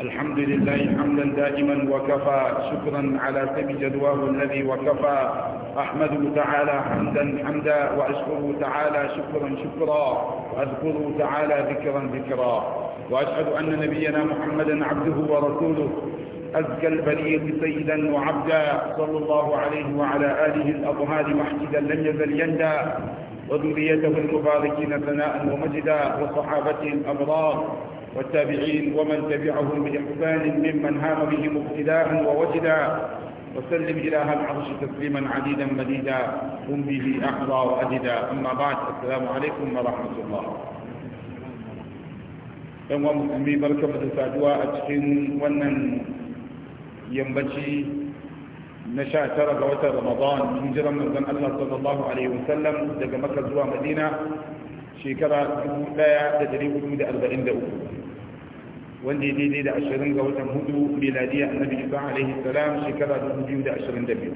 الحمد لله حمدا دائما وكفى شكرا على سب جدواه الذي وكفى أحمده تعالى حمدا حمدا وأشكره تعالى شكرا شكرا وأذكره تعالى ذكرا ذكرا وأشهد أن نبينا محمدا عبده ورسوله أزكى البريد سيدا وعبدا صلى الله عليه وعلى آله الأطهار محجدا لم يزل يندى وذريته المباركين ثناء ومجدا وصحابته الأبرار والتابعين ومن تبعهم بإحسان ممن هام به مبتلاء ووجدا وسلم إله العرش تسليما عديدا مديدا هم به أحظى وأجدا أما بعد السلام عليكم ورحمة الله أيها المسلمين بركة تساعدوا أتحن ونن ينبجي نشا ترك وتر رمضان من جرى من الله صلى الله عليه وسلم لقى مكة زوا مدينة شيكرا لا يعتدري وجود أربعين دولة wanda ya daidai da ashirin ga watan hudu miladiyya annabi isa alaihi salam shekara dubu biyu da ashirin da biyu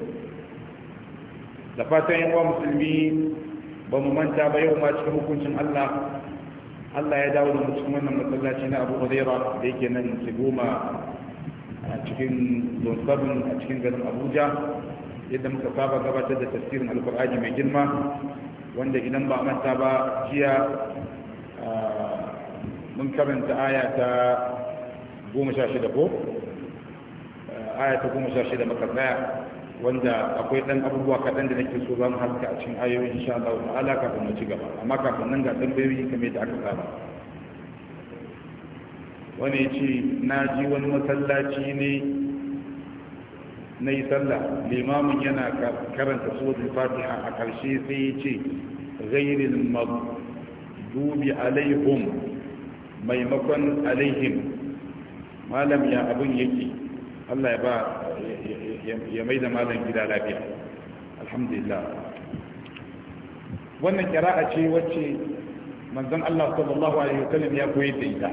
da fatan yawa musulmi ba mu manta ba yau ma cikin hukuncin allah allah ya dawo da mu cikin wannan masallaci na abu huraira da yake nan ke goma a cikin zonsabin a cikin garin abuja yadda muka saba gabatar da tafsirin alkur'ani mai girma wanda idan ba manta ba jiya mun karanta aya ta goma sha shida ko aya wanda akwai ɗan abubuwa kaɗan da nake so za mu a cikin ayoyin insha Allah ta'ala kafin mu ci gaba amma kafin nan ga tambayoyi kamar da aka saba wani ya ce na ji wani masallaci ne na yi sallah limamin yana karanta suratul fatiha a ƙarshe sai ya ce ghairil maghdubi alaihim maimakon alaihim malam ya abun yake Allah ya ba ya mai da malam gida lafiya alhamdulillah wannan kira'a ce wacce manzan Allah sallallahu alaihi sallam ya koyi da ita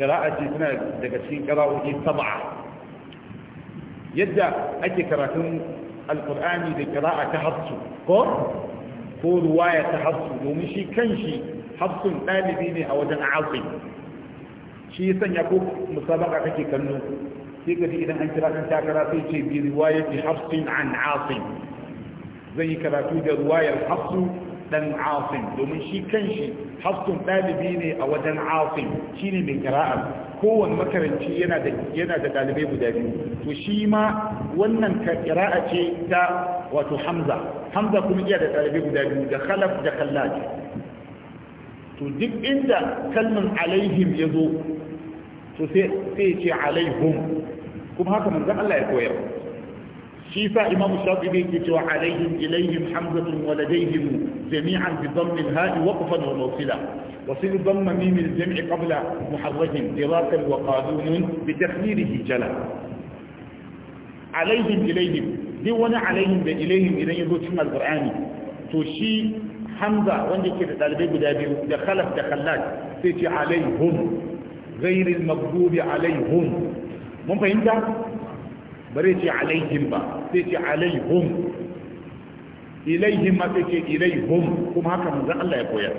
kira'a ce tana daga cikin qira'o'i sab'a yadda ake karatun alqur'ani da kira'a ta hafsu ko ruwa ya ta hafsu domin shi kan shi. hafsun ɗalibi ne a wajen afi shi sanya ko musabaka kake kallo sai ka ji idan an kira kan takara sai ce bi riwayati hafsin an asim zan yi karatu da ruwayar hafsu dan asim domin shi kanshi hafsun ɗalibi ne a wajen shi ne mai kira'ar kowane makaranci yana da dalibai guda biyu to shi ma wannan kira'a ce ta wato hamza hamza kuma iya da dalibai guda biyu da khalaf da khallaji to duk inda kalmin alaihim ya zo to sai ce alaihum kuma haka manzan Allah ya koyar shi sa imam shafi bai ke cewa alaihim ilaihim hamzatun wa ladaihim jami'an bi dhammin ha'i waqfan wa mawsila wa sil dhamma mim al jam'i qabla muharrajin dirakan wa qadunun bi takhnirihi jala alaihim ilaihim duk wani alaihim da ilaihim idan ya zo cikin alqur'ani to shi hamza wanda yake da dalibai guda biyu da khalaf da khallaj sai ce alaihum ghairil maghdubi alaihum mun fahimta bare ce alaihim ba sai ce alaihum ilaihim ma sai ce ilaihum kuma haka manzo Allah ya koyar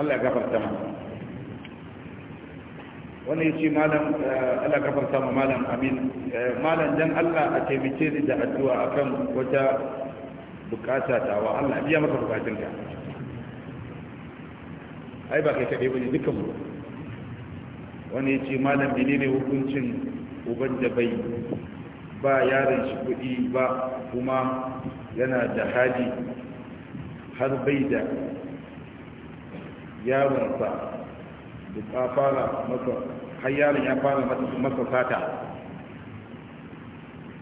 Allah ya gafarta mana wani ya ce malam eh, Allah gafarta ma malam amin eh, malam dan Allah a taimake ni da addu'a akan wata bukata wa Allah biya maka bukatunka ai ba kai kade bane dukkan mu wani ya ce malam menene hukuncin uban da bai ba yaron shi kuɗi ba kuma yana da hali har bai da yaronsa da ta fara masa har yaron ya fara masa fata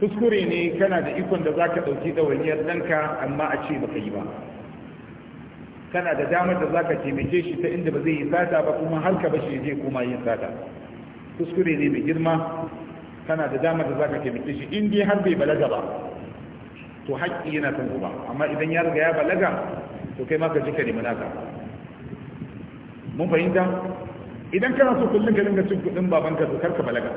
kuskure ne kana da ikon da za ka ɗauki ɗawainiyar ɗanka amma a ce baka yi ba kana da damar da za ka taimake shi ta inda ba zai yi sata ba kuma har ka bashi zai koma yin sata kuskure ne mai girma kana da damar da za ka taimake shi in dai har bai balaga ba to haƙƙi yana kan uba amma idan ya riga ya balaga to kai ma ka ji ka nemi naka mun fahimta idan kana so kullum ka dinga cin kuɗin babanka to kar ka balaga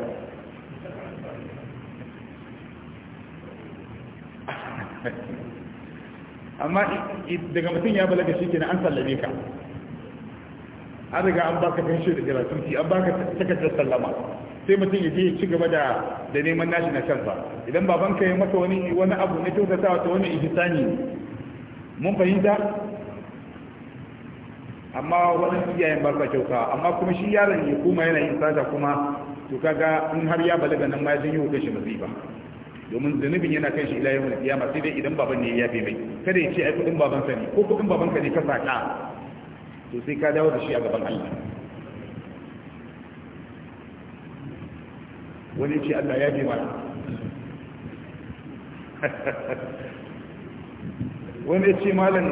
amma daga mutum ya balaga shi kenan an sallame ka an riga an baka shi da gratuity an baka takardar sallama sai mutum ya je ya ci gaba da da neman nashi na kansa idan babanka ya maka wani wani abu na kyautatawa ta wani ihsani mun fahimta amma wani iyayen ba sa kyauta amma kuma shi yaron ya kuma yana yin sata kuma to kaga in har ya balaga nan ma ya janyo kashi masifa domin zunubin yana kan shi ila yau kiyama sai dai idan baban ne ya fi mai kada ya ce ai kudin baban ka ne ko kudin baban ka ne ka saka to sai ka dawo da shi a gaban Allah wani ce Allah ya bi wani ce malam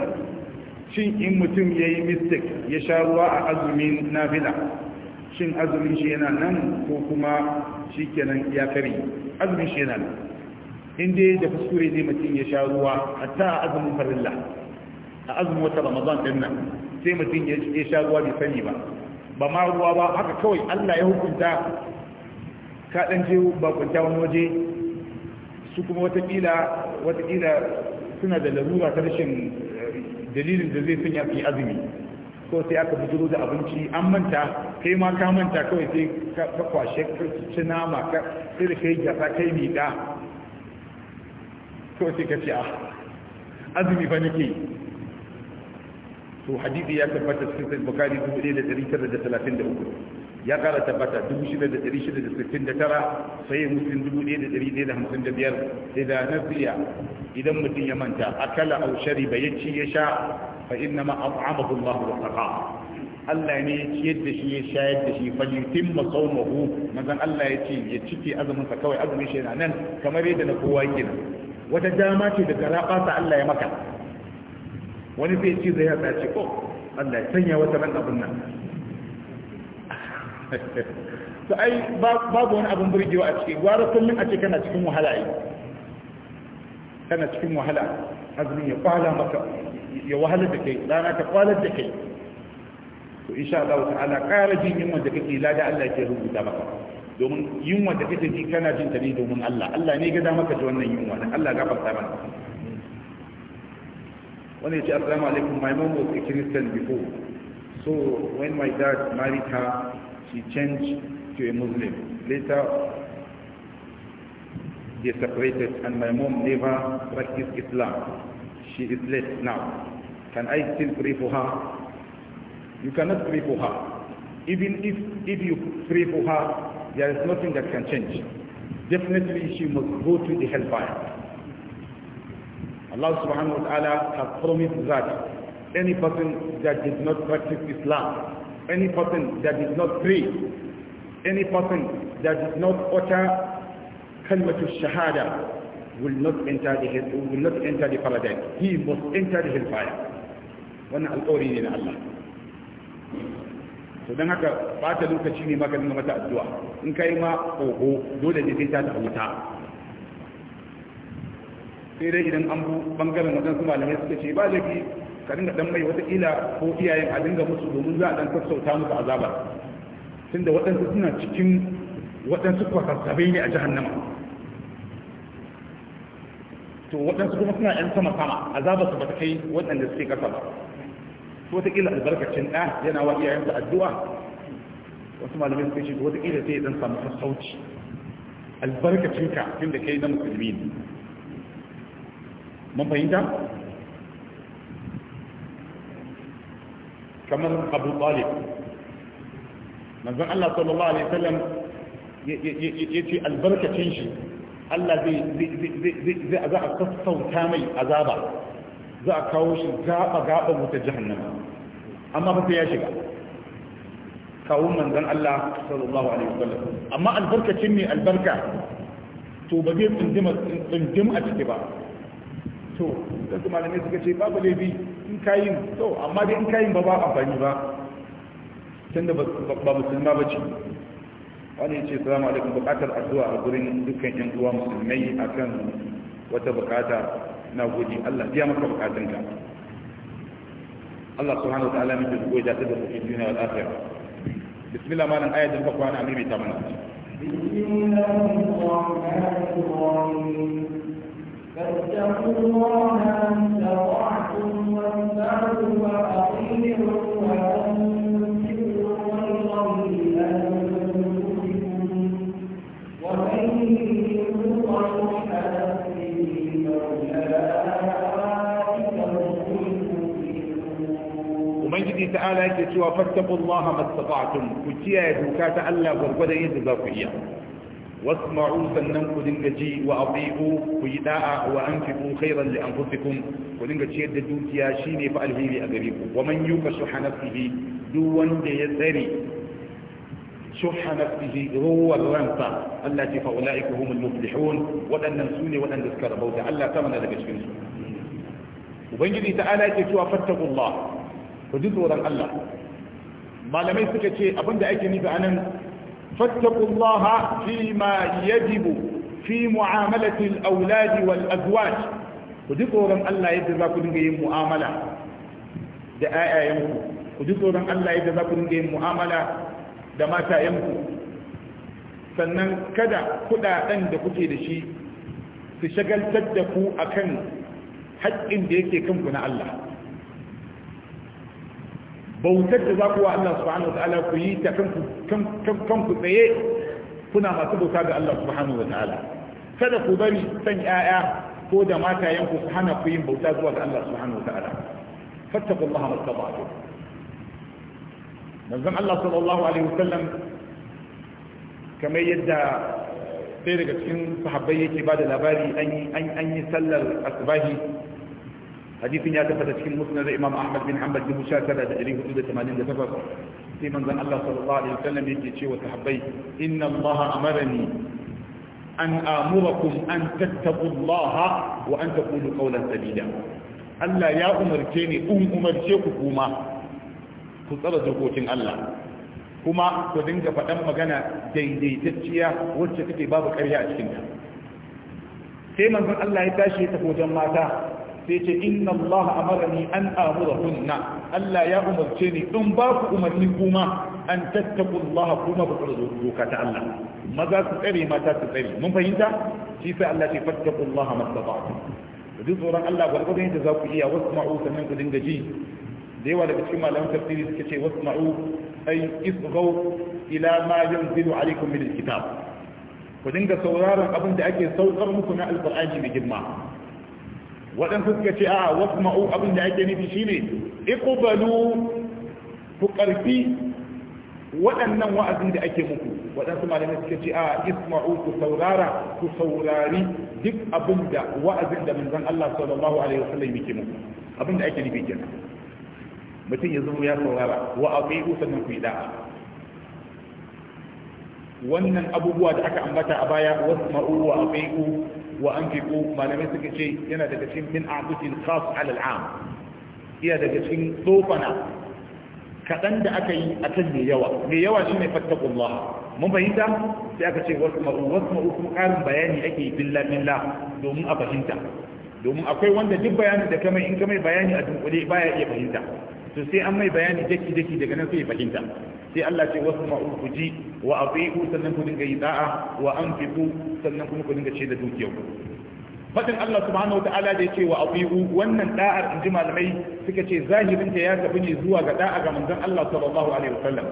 shin in mutum ya yi mistik ya sha ruwa a azumin nafila shin azumin shi yana nan ko kuma shi kenan ya kare azumin shi yana nan in dai da kuskure zai mutum ya sha ruwa hatta a azumin farilla a azumin wata ramadan din nan sai mutum ya sha ruwa bai sani ba ba ma ruwa ba haka kawai Allah ya hukunta ka dan je ba kunta wani waje su kuma watakila watakila suna da larura ta rashin eh, dalilin da zai sanya su azumi ko sai aka bujuro da abinci an manta kai ma ka manta kawai sai ka kwashe ka ci nama ka sai da kai gyasa kai miƙa ko sai ka ce a ah, azumi fa nake to hadisi ya tabbata cikin sahih bukhari 1933 ya kara tabbata 6669 sahih muslim 1155 idan nasiya idan mutum ya manta akala aw shariba ba ya sha fa inna ma at'amahu Allah wa saqa Allah ne ya ciyar da shi ya shayar da shi falyutim masawmahu manzon Allah ya ce ya cike azumin sa kawai azumin shi yana nan kamar yadda na kowa yake wata dama ce daga rabata Allah ya maka wani zai ce zai hada ce oh Allah ya sanya wata ran abin nan to ai babu wani abin burgewa a ciki gwara kullum a ce kana cikin wahala ai kana cikin wahala azumi ya kwala maka ya wahala da kai rana ta kwalar da kai to insha Allah ta'ala ƙara jin yin wanda kake lada Allah ke rubuta maka domin yunwa da kake ji kana jin ta ne domin Allah Allah ne maka wannan yunwa dan Allah gafarta mana wani ce assalamu alaikum my mom was a christian before so when my dad married her she changed to a muslim later they separated and my mom never practiced islam she is late now can i still pray for her you cannot pray for her even if if you pray for her there is nothing that can change. Definitely she must go to the hellfire. Allah subhanahu wa ta'ala has promised that any person that did not practice Islam, any person that did not pray, any person that did not utter kalmatul shahada will not enter the will not enter the paradise. He must enter the hellfire. Wannan alƙawari ne na Allah. to don haka bata lokaci ne maka nuna mata addu'a in kai ma oho dole ne sai ta ta wuta sai dai idan an bu bangaren waɗansu malamai suka ce ba laifi ka dinga dan mai wata kila ko iyayen a dinga musu domin za a dan sassauta musu azaba tunda waɗansu suna cikin waɗansu kwasassabai ne a jahannama to waɗansu kuma suna 'yan sama sama azabarsu su ba ta kai waɗanda suke ƙasa ba wataƙila albarkacin ɗa yana wa iyayensa addu'a wasu malamin sai shi wataƙila sai dan samu sassauci albarkacin ka tun da kai na musulmi ne mun fahimta kamar abu talib manzon Allah sallallahu alaihi wasallam ya ce albarkacin shi Allah zai zai zai zai a sassauta mai azaba za a kawo shi gaba gaba wuta jahannama amma fa ya shiga kawun manzon Allah sallallahu alaihi wasallam amma albarkacin ne albarka to ba zai tsindima tsindim a ciki ba to da kuma malamai suka ce babu laifi in kayin to amma dai in kayin ba ba amfani ba tunda ba musulma ba ce wani ce salamu alaikum bukatar addu'a a gurin dukkan yan uwa musulmai akan wata bukata na gode Allah biya maka bukatunka Allah subhanahu wa ta'ala min da goyi da ta da fi duniya da akhirah bismillah malam ayatin fa kwana amimi ta mana bismillahir rahmanir rahim فاتقوا الله ما استطعتم ta'ala yake cewa fattaqullaha mastata'tum ku kiyaye doka ta Allah gurgurdan yadda za ku iya wasma'u sannan ku dinga ji wa abi'u ku yi da'a wa anfiqu khairan li anfusikum ku dinga ciyar da dukiya shine fa alheri a gare ku wa man yuka shuha nafsihi duk wanda ya tsare shuha nafsihi ruwa ransa Allah ce fa ulaika humul muflihun wadannan sune wadanda suka rabauta Allah ta mana daga cikin su ubangiji ta'ala yake cewa fattaqullah ku ji tsoron Allah malamai suka ce abin abinda ake nufi anan fattaqullaha fi ma yajibu fi mu'amalati al-awlad wal azwaj ku ji tsoron Allah yadda za ku dinga yin mu'amala da ayayanku ku ji tsoron Allah yadda za ku dinga yin mu'amala da mata'yanku. sannan kada kudaden da kuke da shi su shagaltar da ku akan haƙƙin da yake kanku na Allah bautar da za ku wa Allah subhanahu wataala ku yi ta kanku tsaye kuna masu bauta ga Allah subhanahu wataala kada ku bari san 'ya'ya ko da matayenku ku hana ku yin bauta zuwa ga Allah subhanahu wataala Allah fattaqullaha mastata'tum manzon Allah sallallahu alaihi wasallam kamar yadda sai daga cikin sahabbai yake ba da labari an yi sallar asubahi hadisin ya tabbata cikin musnad imam ahmad bin hanbal dubu sha tara da ɗari hudu da tamanin da takwas sai manzon allah sallallahu alaihi wasallam yake ce wa sahabbai inna allah amarani an amurakum an tattabu allah wa an taqulu qawlan sadida allah ya umarce ni in umarce ku kuma ku tsara dokokin allah kuma ku dinga faɗan magana daidaitacciya wacce take babu ƙarya a cikinta sai manzon Allah ya tashi ya tafi wajen mata sai ce inna Allah amarani an amura hunna Allah ya umarce ni in ba ku umarni kuma an tattaku Allah kuma ku tsaro doka ta Allah maza su tsare mata su tsare mun fahimta shi sai Allah ce fattaku Allah mastata'tu ku tsoron Allah gwargwadon yadda za ku iya wasu ma'u sannan ku dinga ji da yawa daga cikin malaman tafsiri suke ce Wasu wasma'u ay isghaw ila ma yanzilu alaykum min alkitab ku dinga sauraron abin da ake saukar muku na alqur'ani mai girma waɗansu suka ce a wasu ma'u abin da ake nufi shine ikubalu ku ƙarfi waɗannan wa'azin da ake muku waɗansu malamai suka ce a isma'u ku saurara ku saurari duk abin da wa'azin da manzon Allah sallallahu alaihi wasallam yake muku abin da ake nufi kenan mutum ya zama ya saurara wa aqiu sannan ku yi da'a wannan abubuwa da aka ambata a baya wasu ma'u wa aqiu wa anfiqu malamai suka ce yana daga cikin min a'tusil khas ala al'am iya cikin tsofana kaɗan da aka yi a kan mai yawa mai yawa shi ne fattakullah mun fahimta sai aka ce wasu ma'u wasu ma'u kuma ƙarin bayani ake yi billa billa domin a fahimta domin akwai wanda duk bayani da kamai in kamai bayani a dunkule baya iya fahimta to sai an mai bayani daki daki daga nan sai fahimta sai Allah ce wasu ma'ul ku ji wa atiu sannan ku dinga yi da'a wa anfiqu sannan kuma ku dinga ce da dukiyar ku fadin Allah subhanahu wataala da yake wa atiu wannan da'ar inji malamai suka ce zahirin ta ya tafi ne zuwa ga da'a ga manzon Allah sallallahu alaihi wasallam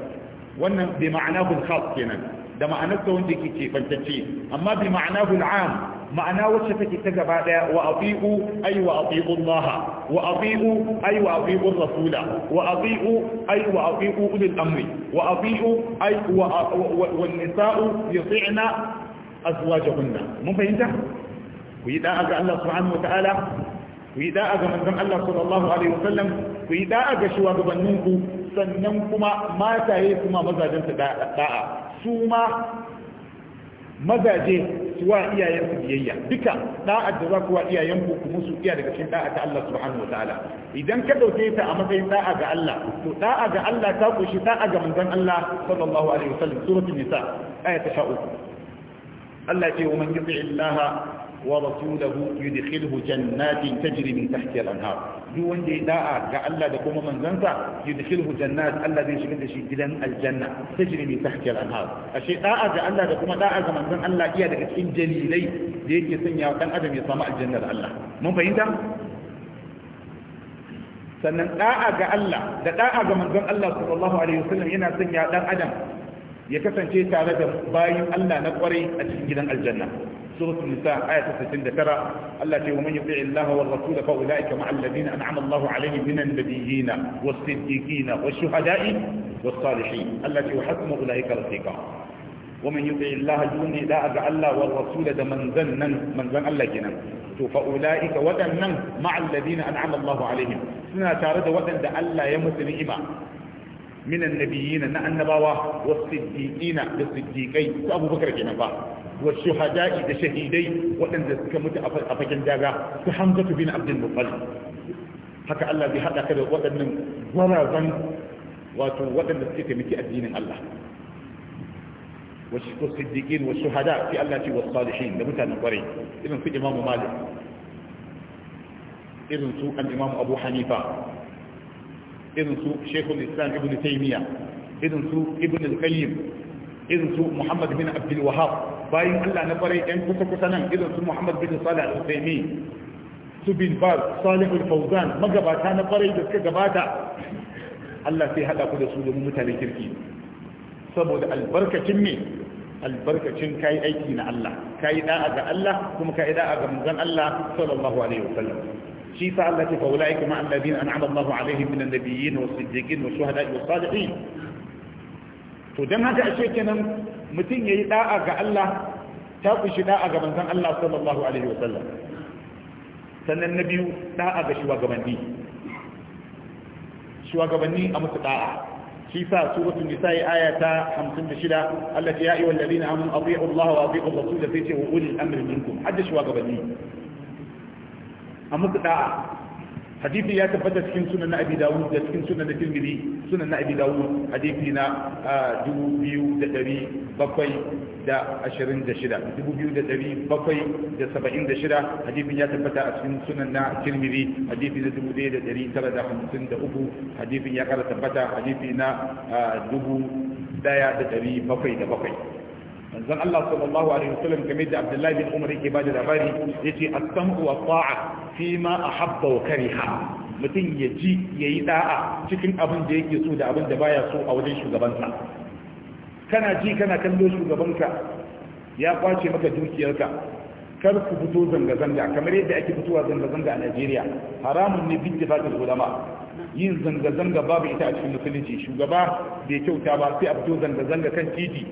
wannan bi ma'anahu al-khas kenan da ma'anar sa wanda yake ke bantacce amma bi ma'anahu al-am ma'ana wacce take ta gaba daya wa ati'u ay wa ati'u Allah wa ati'u ay wa ati'u rasula wa ati'u ay wa ati'u ulil amri wa ati'u ay wa wan nisa'u yuti'na azwajahunna mun fahimta ku yi da'a ga Allah subhanahu wa ta'ala ku yi da'a ga manzon Allah sallallahu alaihi wasallam ku yi da'a ga shugabanninku sannan kuma mataye kuma mazajen su da'a su ma mazaje su wa iyayensu biyayya duka da'ar da za ku wa iyayenku ku musu iya daga cikin da'a ta Allah subhanahu wa ta'ala idan ka dauke ta a matsayin da'a ga Allah to da'a ga Allah ta koshi da'a ga manzon Allah sallallahu alaihi wasallam suratul nisa ayat 13 Allah ce wa man yuti Allah ورسوله يدخله جنات تجري من تحتها الانهار duk wanda ya da'a ga Allah da kuma manzansa yudkhilhu jannat Allah zai shigar da shi gidan aljanna tajri min tahtiha al ashe da'a ga Allah da kuma da'a ga manzon Allah iya daga cikin jalilai da yake sanya dan adam ya samu aljannar Allah mun fahimta sannan da'a ga Allah da da'a ga manzon Allah sallallahu alaihi wasallam yana sanya dan adam ya kasance tare da bayin Allah na kwarai a cikin gidan aljanna suratul nisa ayatul 69 Allah ce wani yi fi’in laha wa rasu da fa’u la’ika ma’allabi na an’am Allah alayhi minan da biyina wasu tsiki na wasu hada’i wasu salishi Allah ce wa hasu ma’u la’ikar teka wani yi fi’in laha juni da a ga Allah wa rasu da da manzan nan manzan Allah kenan to fa’u la’ika waɗannan ma’allabi na an’am Allah alayhi suna tare da waɗanda Allah ya mutu ni’ima minan nabiyina na annabawa wasu tsiki na da tsiki kai su abubakar kenan ba wa shuhada'i da shahidai waɗanda suka mutu a fagen daga su hamzatu bin abdul muttalib haka Allah zai haɗa ka da waɗannan gwarazan wato waɗanda suke taimaki addinin Allah wasu siddiqin wasu hada fi Allah ce wasu salihin da mutanen kwarai irin su imamu malik irin an imamu abu hanifa irin su shekul ibn ibn al muhammad bin abdul bayin Allah na farai ɗan kusa-kusa nan irin su Muhammad bin Salih al-Usaimi su bin Baz Salih al-Fawzan magabata na farai da suka gabata Allah sai hada ku da su domin mutanen kirki saboda albarkacin me albarkacin kai aiki na Allah kai da'a ga Allah kuma kai da'a ga manzon Allah sallallahu alaihi wasallam shi sa Allah ke faulai kuma annabiyyin an'ama Allahu alaihim minan nabiyyin was siddiqin was shuhada'i was salihin to dan haka ashe kenan mutum ya yi da'a ga Allah ta kushi da'a ga manzon Allah sallallahu alaihi wasallam sannan na biyu da'a ga shugabanni shugabanni a musu da'a shi sa suratul yi aya ta 56 Allah ya ayyuhal ladina amanu atii'u Allah wa atii'u su da sai ce wa ulil amri minkum hadda shugabanni a musu da'a hadisi ya tabbata cikin sunan na abi dawud da cikin sunan na tirmidhi sunan na abi dawud hadisi na ah, dubu biyu da dari bakwai da ashirin da shida dubu biyu da dari bakwai da saba'in da shida hadisin ya tabbata a cikin sunan na tirmidhi hadisi na dubu ɗaya da dari tara da hamsin da uku hadisin ya kara tabbata hadisi na ah, dubu ɗaya da dari bakwai da bakwai manzon Allah sallallahu alaihi wasallam game da Abdullahi bin Umar yake bada labari yace as-sam'u wa ta'a fi ma ahabba wa kariha mutum ya ji yayi da'a cikin abin da yake so da abin da baya so a wajen shugabansa kana ji kana kallo shugabanka ya kwace maka dukiyarka kar ku fito zanga-zanga kamar yadda ake fitowa zanga-zanga a Najeriya haramun ne bin tafakar ulama yin zanga-zanga babu ita a cikin musulunci shugaba bai kyauta ba sai a fito zanga-zanga kan titi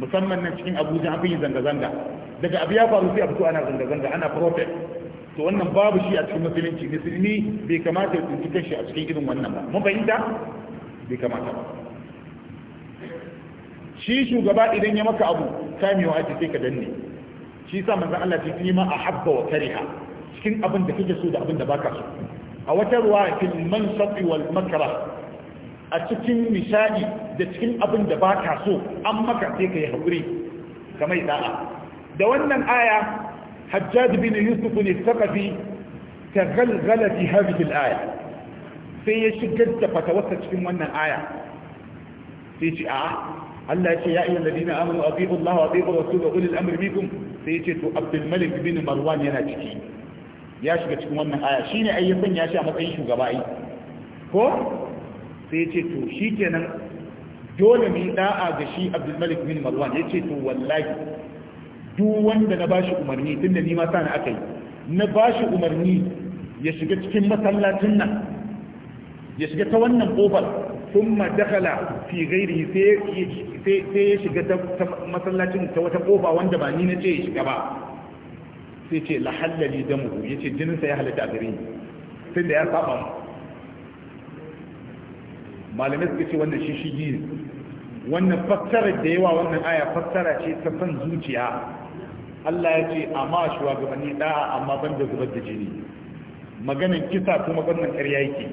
musamman nan cikin abuja an yi zanga-zanga daga abu ya faru sai a fito ana zanga-zanga ana protest to wannan babu shi a cikin musulunci musulmi bai kamata ya tsinci kanshi a cikin irin wannan ba mun fahimta bai kamata ba shi shugaba idan ya maka abu kamewa ake sai ka danne shi sa manzon Allah ya fi ma ahabba wa kariha cikin abin da kake so da abin da baka so a wata ruwa fil mansab wal makrah a cikin nishadi da cikin abin da ba ka so an maka sai ka yi haƙuri mai da'a da wannan aya hajjaj bin yusuf ne sakafi ta galgala fi hadhihi al-aya sai ya shigar da fatawarsa cikin wannan aya sai ce a'a Allah ya ce ya iya ladina amanu abiqu Allah wa abiqu rasul wa ulil amri minkum sai ya ce to Abdul Malik bin Marwan yana ciki ya shiga cikin wannan aya shine ai ya sanya shi a matsayin shugaba ai ko sai ce to shi kenan dole mu yi da'a ga shi abdulmalik bin marwan ya ce to wallahi duk wanda na bashi umarni tun da ni ma sani aka yi na bashi umarni ya shiga cikin masallacin nan ya shiga ta wannan kofar sun dakala fi gairi sai ya shiga ta masallacin ta wata kofa wanda ba ni na ce ya shiga ba sai ce lahallali damu ya ce jininsa ya halatta a gare ni da ya saba mu malamai suka ce wannan shi shigi ne wannan fassara da yawa wannan aya fassara ce ta san zuciya Allah ya ce amma bani da'a amma ban da zubar da jini maganan kisa ko maganan ƙarya yake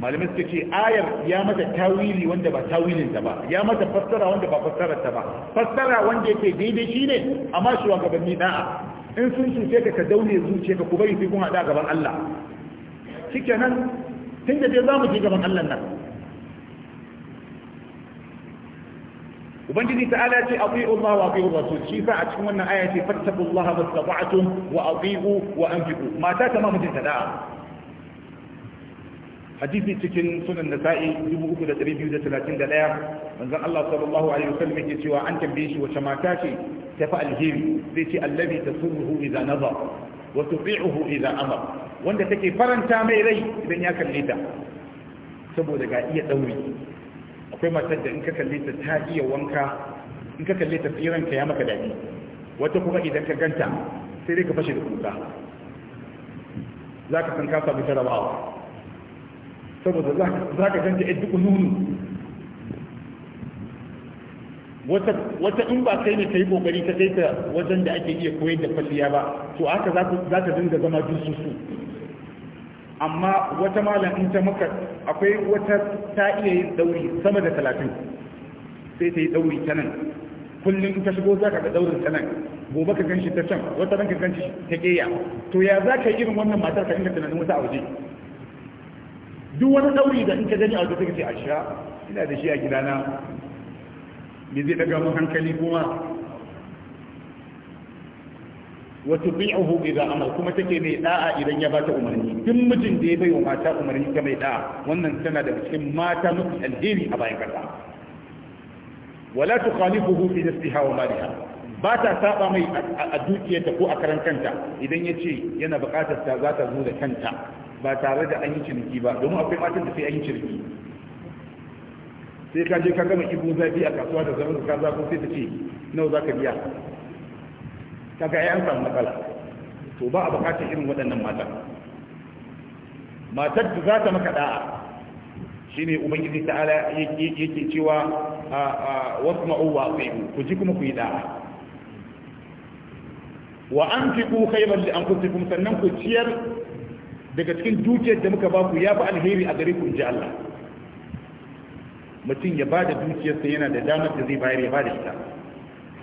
malamai suka ce ayar ya mata tawili wanda ba tawilin ta ba ya mata fassara wanda ba fassara ta ba fassara wanda yake daidai shine amma bani da'a in sun cuce ka ka daune ka ku bari sai kun hada gaban Allah shikenan tun da dai za mu je gaban Allah nan ubangiji ta ala ce atiu Allah wa atiu rasul shi sa a cikin wannan aya ce fattaqullaha mastata'tum wa atiu wa an anfiqu mata ta ma mijinta da'a hadisi cikin sunan nasa'i 3231 manzon Allah sallallahu alaihi wasallam yake cewa an tambaye shi wace mata ce ta fa alheri zai ce allazi tasurruhu idza nazar wa tuti'uhu idza amar wanda take faranta mai rai idan ya kalle ta saboda ga iya dauri akwai matar da in ka kalle ta ta iya wanka in ka kalle ta tsiran ka ya maka daɗi, wata kuma idan ka ganta sai dai ka fashe da kuka Za ka san ka samu jarabawa saboda za ka ganta yadda duk nunu wata in ba kai ne ta yi kokari ta kai ta wajen da ake iya koyar da kwalliya ba to haka za ta dinga zama dususu amma wata malam in ta maka akwai wata ta iya yin dauri sama da talatin sai ta yi dauri ta nan kullum ta shigo za ka ga daurin ta nan gobe ka ganshi ta can wata ranka ganshi ta keya to ya za ka irin wannan matar ka inda tunanin wata a waje duk wani dauri da in ka gani a waje sai ce a sha ina da shi a gidana me zai daga mun hankali kuma wa tubi'uhu idza amara kuma take mai da'a idan ya bata umarni duk mijin da ya bai wa mata umarni ta mai da'a wannan tana da cikin mata mafi alheri a bayan kasa wala tukhalifuhu fi nafsiha wa maliha ba ta saba mai a dukiyarta ko a karan kanta idan ya ce yana bukatar ta za ta zo da kanta ba tare da an yi ciniki ba domin akwai matan da sai an yi ciniki sai ka je ka gama ibu zafi a kasuwa da zaman ka zafin sai ta ce nawa za ka biya kaga ya an samu matsala to ba a bukatar irin waɗannan mata matar da za ta maka da'a ne ubangiji ta'ala yake cewa wasma'u wa ati'u ku ji kuma ku yi da'a wa anfiqu khayran li anfusikum sannan ku ciyar daga cikin dukiyar da muka ba ku yafi alheri a gare ku ji Allah mutum ya bada dukiyarsa yana da damar da zai bayar ya bada ita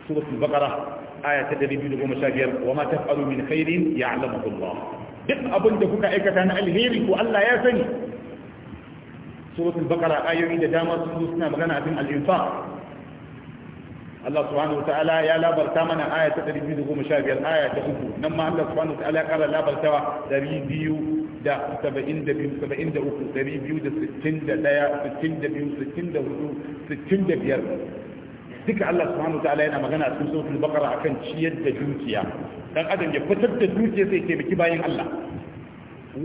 suratul baqara aya ta biyu da goma sha biyar wa ma taf'alu min khairin ya'lamuhu Allah duk abin da kuka aikata na alheri ko Allah ya sani suratul baqara ayoyi da dama su suna magana akan al-infaq Allah subhanahu wataala ya labarta mana aya ta biyu da goma sha biyar aya ta uku nan ma Allah subhanahu wataala ya kara labartawa sittin da hudu, sittin da biyar. duka Allah subhanahu ta'ala yana magana a cikin suratul baqara akan ciyar da dukiya dan adam ya fitar da dukiya sai ke taimaki bayan Allah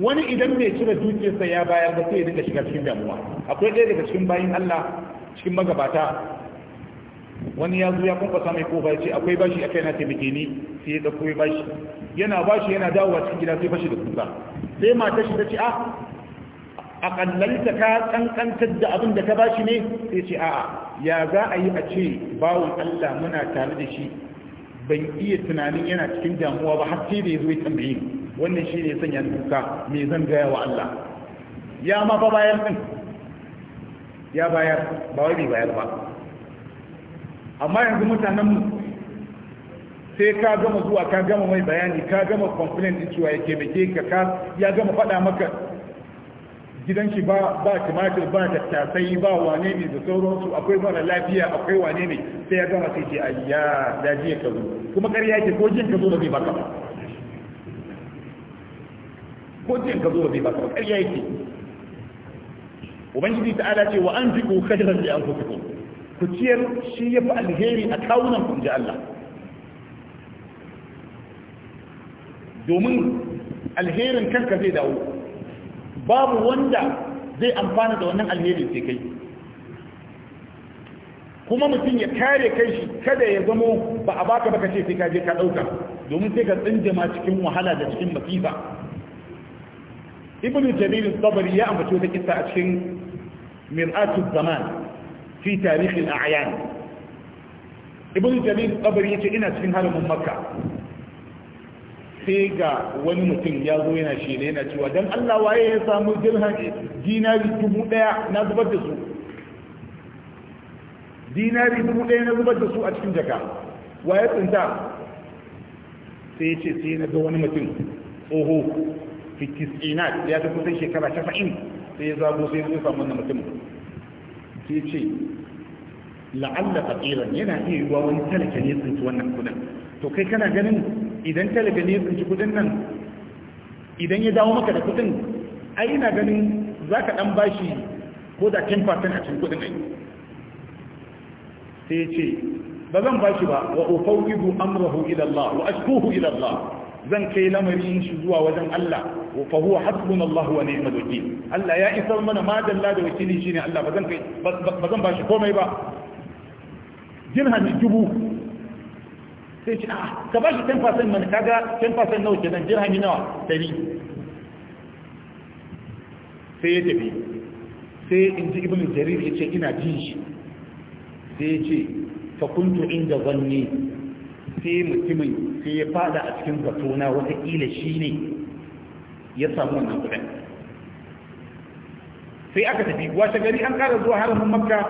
wani idan mai cire dukiyarsa ya bayar ba sai ya dinga shiga cikin damuwa akwai ɗaya daga cikin bayin Allah cikin magabata wani ya zo ya kunkwasa mai ko ya ce akwai bashi a kai na taimake ni sai ya ɗauko ya bashi yana bashi yana dawowa cikin gida sai bashi da kuka sai mata shi ta ce ah a kallanta ka kankantar da abin da ka shi ne sai ce a'a ya za a yi a ce bawon Allah muna tare da shi ban iya tunanin yana cikin damuwa ba har sai da ya zo ya tambaye wannan shi ne sanya duka me zan gaya wa Allah ya ma fa bayar din ya bayar ba wai bai bayar ba amma yanzu mutanen mu sai ka gama zuwa ka gama mai bayani ka gama complaint din cewa yake bake ka ya gama faɗa maka gidan shi ba ba tumatir ba tattasai ba wane ne da sauransu akwai mara lafiya akwai wane ne sai ya gama sai ce ayya dajiya ka zo kuma ƙarya ce ko jin ka zo da bai baka ba ko jin ka zo da bai baka ba ƙarya yake ubangiji ta ala ce wa an ji ku da li anfusikum ku ciyar shi ya fi alheri a kawunan kun ji Allah domin alherin kanka zai dawo babu wanda zai amfana da wannan alherin sai kai kuma mutum ya kare kai shi kada ya zamo ba a baka baka ce sai ka je ka dauka domin sai ka tsinjama cikin wahala da cikin masifa Ibn jarir sabari ya ambace wata kissa a cikin mir'atu zaman fi tarikh al-a'yan ibnu jarir sabari yace ina cikin haramin makka sai ga wani mutum ya zo yana ne yana cewa don Allah waye ya samu dirham dinari dubu daya na zubar da su dinari dubu daya na zubar da su a cikin jaka waye tsinta sai ya ce sai na ga wani mutum oho fitis ina ya ta kusan shekara casa'in sai ya zago sai ya samu wannan mutum sai ce la'alla fakiran yana iya wa wani talaka ne tsinci wannan kudin to kai kana ganin idan talaka ne tsinci kudin nan idan ya dawo maka da kudin ai na ganin za ka ɗan bashi ko da 10% a cikin kudin ai sai ya ce ba zan bashi ba wa ufawidu amrahu ila Allah wa ashkuhu ila zan kai lamarin shi zuwa wajen Allah wa fa huwa hasbunallahu wa ni'mal wakeel Allah ya isar mana madalla da wakili shine Allah ba zan ba zan bashi komai ba Jin dirhami dubu sai ce a ah, ka ba shi 10% mana kaga 10% nawa kenan dirhami nawa dari sai ya tafi sai in ji ibn jarir ya ce ina jin shi sai ya ce fa kuntu inda zanni sai mutumin sai ya fada a cikin batona watakila shi ne ya samu wannan kudin sai aka tafi washe gari an ƙara zuwa haramin makka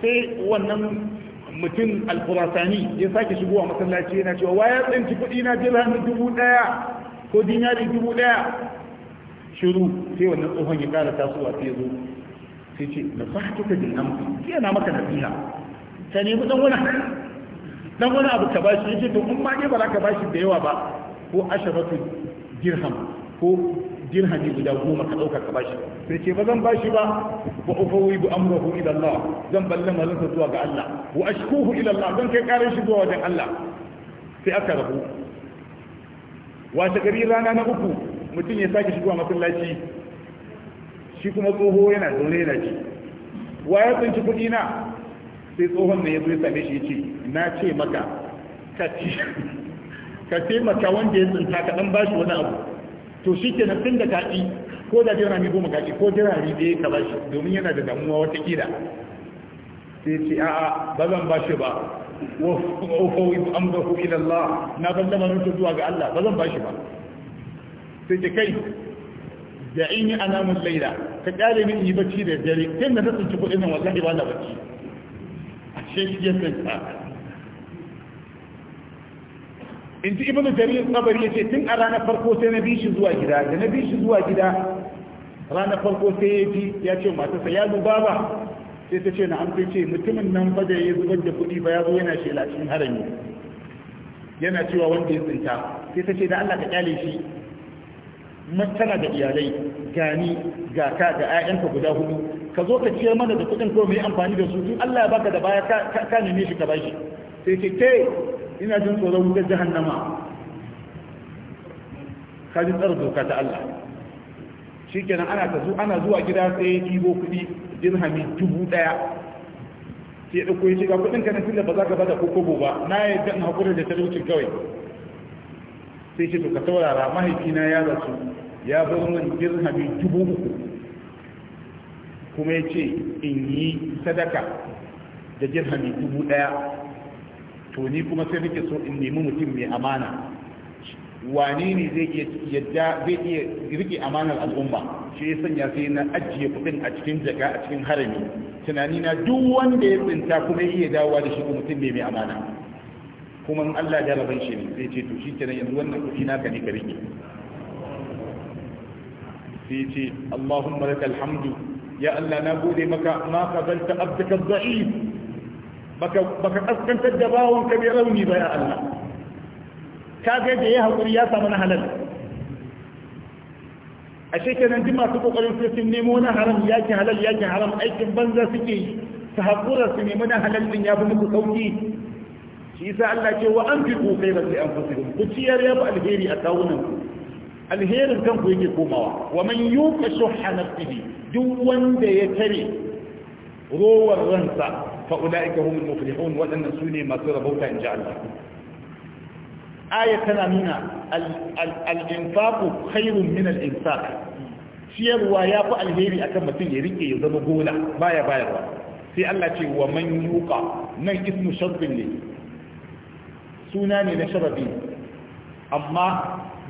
sai wannan mutum alkurasani ya sake shigowa masallaci yana cewa wa ya tsanci kuɗi na dirhamin dubu ɗaya ko dinari dubu ɗaya shiru sai wannan tsohon ya ƙara tasowa sai zo sai ce na fahimtuka da nan sai yana maka nasiha ka nemi dan wani dan wani abu ka bashi yace to in ma ne ba za ka bashi da yawa ba ko asharatu dirham ko ne guda goma ka ɗauka ka bashi sai ce ba zan bashi ba wa ufawi bu amrahu ila Allah zan balle malansa zuwa ga Allah wa ashkuhu ila Allah don kai karin shi zuwa wajen Allah sai aka rabu washe gari rana na uku mutum ya sake shigowa masallaci shi kuma tsoho yana zaune yana ci wa ya tsinci kuɗi na sai tsohon ne ya zo ya same shi ya ce na ce maka ka taimaka wanda ya tsinta ka ɗan bashi wani abu to shi ke na tun da kaɗi ko da jirami goma kaɗi ko jirami ya ka bashi domin yana da damuwa wata ƙira sai ce a'a ba zan ba shi ba wa ufawi amruhu na ban da manuta zuwa ga Allah ba zan ba shi ba sai ce kai da in yi alamun laila ka kyale min yi bacci da dare kai da ta tsinci kuɗin nan wallahi ba na bacci a shi ya tsinta in ji ibnu jarir tsabari ya ce tun a ranar farko sai na bi shi zuwa gida da na bi shi zuwa gida ranar farko sai ya ji ya ce matarsa ya duba ba sai ta ce na an ce mutumin nan fada ya zubar da kuɗi ba ya zo yana shela cikin harami yana cewa wanda ya tsinta sai ta ce da Allah ka kyale shi tana da iyalai gani ga ka ga ayyanka guda hudu ka zo ka ciyar mana da kuɗin kawai mai amfani da su in Allah ya baka da baya ka neme shi ka bashi sai ce ke ina jin tsoron wutar jahannama ka ji tsaro doka ta Allah kenan ana ta zuwa gida sai ya ɗibo kuɗi dirhami dubu ɗaya sai ya ɗauko ya ce ga kuɗin ka na tunda ba za ka bada kobo ba na ya dan hakuri da ta talaucin kawai sai ce to ka saurara mahaifina ya rasu ya bar min dirhami dubu uku kuma ya ce in yi sadaka da dirhami dubu ɗaya to ni kuma sai nake so in nemi mutum mai amana wane ne zai iya yadda zai iya rike amanar al'umma shi ya sanya sai na ajiye kudin a cikin jaka a cikin harami tunani na duk wanda ya tsinta kuma ya iya dawowa da shi ko mutum ne mai amana kuma in Allah ya rabar shi ne sai ce to shi kenan yanzu wannan kudi naka ne ka riƙe. sai ce Allahumma lakal hamdu ya Allah na gode maka ma qabalta abdaka dha'if baka baka kaskantar da bawon ka bi rauni ba ya Allah ka da ya hakuri ya samu na halal a shekarun ji masu kokarin sai sun nemo na haram yaki halal yaki haram aikin banza suke yi su haƙura su nemi na halal din ya fi muku sauki shi yasa Allah ce wa an fi kokai ba sai an fusirin ku ciyar ya fi alheri a kawunan ku alherin kanku yake komawa wa man yuka shuhha nafsihi duk wanda ya tare rowar ransa fa ulaika humul muflihun wadannan sune masu rabauta in ji Allah aya tana nuna al'infaku khairun min al'insak ciyarwa ya fi alheri akan mutum ya rike ya zama gola baya bayarwa sai Allah ce wa man yuka nan ismu sharfin ne suna ne na sharafi amma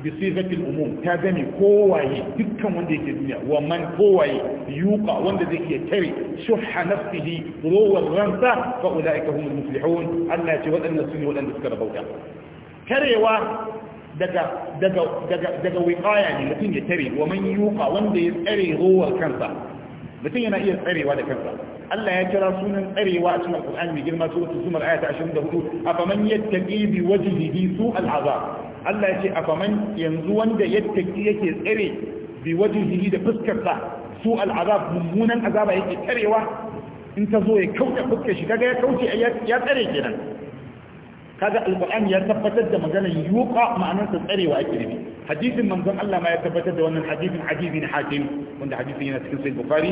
bisifatil umum ta gane kowaye dukkan wanda yake duniya wa man kowaye yuka wanda zai iya tare shuhha nafsihi rowar ransa fa ulaika humul muflihun Allah ce waɗannan su ne waɗanda suka rabauta tarewa daga daga daga daga wiqaya ne mutum ya tare wa man yuqa wanda ya tsare ruwar kansa mutum yana iya tsarewa da kansa Allah ya kira sunan tsarewa a cikin Al-Qur'ani mai girma su suratul Zumar aya ta 24 afaman yattaqi bi wajhihi su'al azab Allah ya ce afaman yanzu wanda yattaqi yake tsare bi wajhihi da fuskar sa su'al azab mummunan azaba yake tsarewa in ta zo ya kauce fuskar shi kaga ya kauce ya tsare kenan kaga alqur'ani ya tabbatar da maganar yuqa ma'anar ta tsarewa ake nufi hadisin manzon Allah ma ya tabbatar da wannan hadisin hadisin hakim wanda hadisin yana cikin sahih bukhari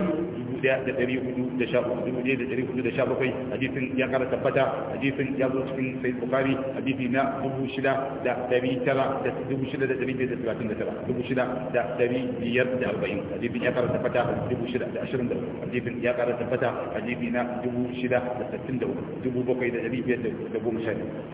1417 hadisin ya kara tabbata hadisin ya zo cikin sahih bukhari hadisi na 6940 hadisin ya kara tabbata 6020 hadisin ya kara tabbata hadisi na 6063 7510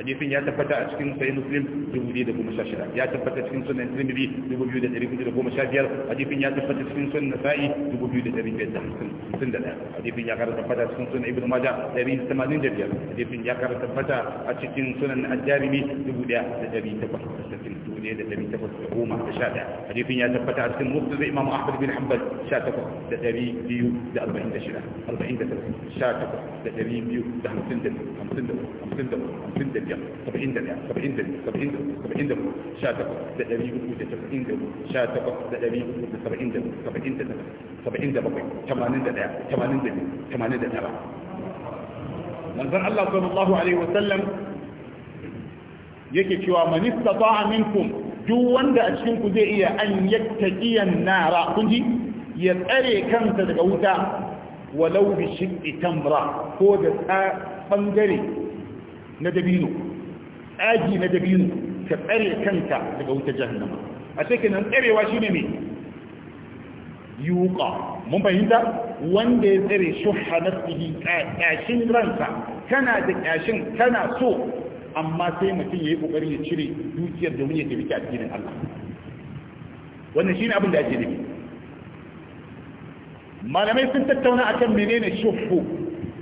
hadisin ya tabbata a cikin sahih muslim 2016 ya tabbata cikin sunan tirmidhi 2415 hadisin ya tabbata cikin sunan nasa'i 2550 61 hadisin ya kara tabbata cikin sunan ibnu majah 185 hadisin ya kara tabbata a cikin sunan ad-darimi 1860 ne da 1811 hadisin ya tabbata a cikin musnad imam ahmad bin hanbal 18 da 246 48 da 200 da 50 50 50 50 70 70 70 70 18 da 390 18 da 370 70 70 80 da 80 81 89 manzon Allah sallallahu alaihi wasallam yake cewa man istata'a minkum duk wanda a cikin zai iya an yattaqiyan nara kunji ya tsare kansa daga wuta walau bi shiɗi tamra ko da bangare na dabino aji na dabino ka tsare kanka daga wuta jahannama a cikin nan tsarewa shine me yuqa mun fahimta wanda ya tsare shuhha nafsihi ƙashin ransa kana da ƙashin kana so amma sai mutum yi kokari ya cire dukiyar domin ya tafi addinin Allah wannan ne abin da ake nufi malamai sun tattauna akan menene shuhu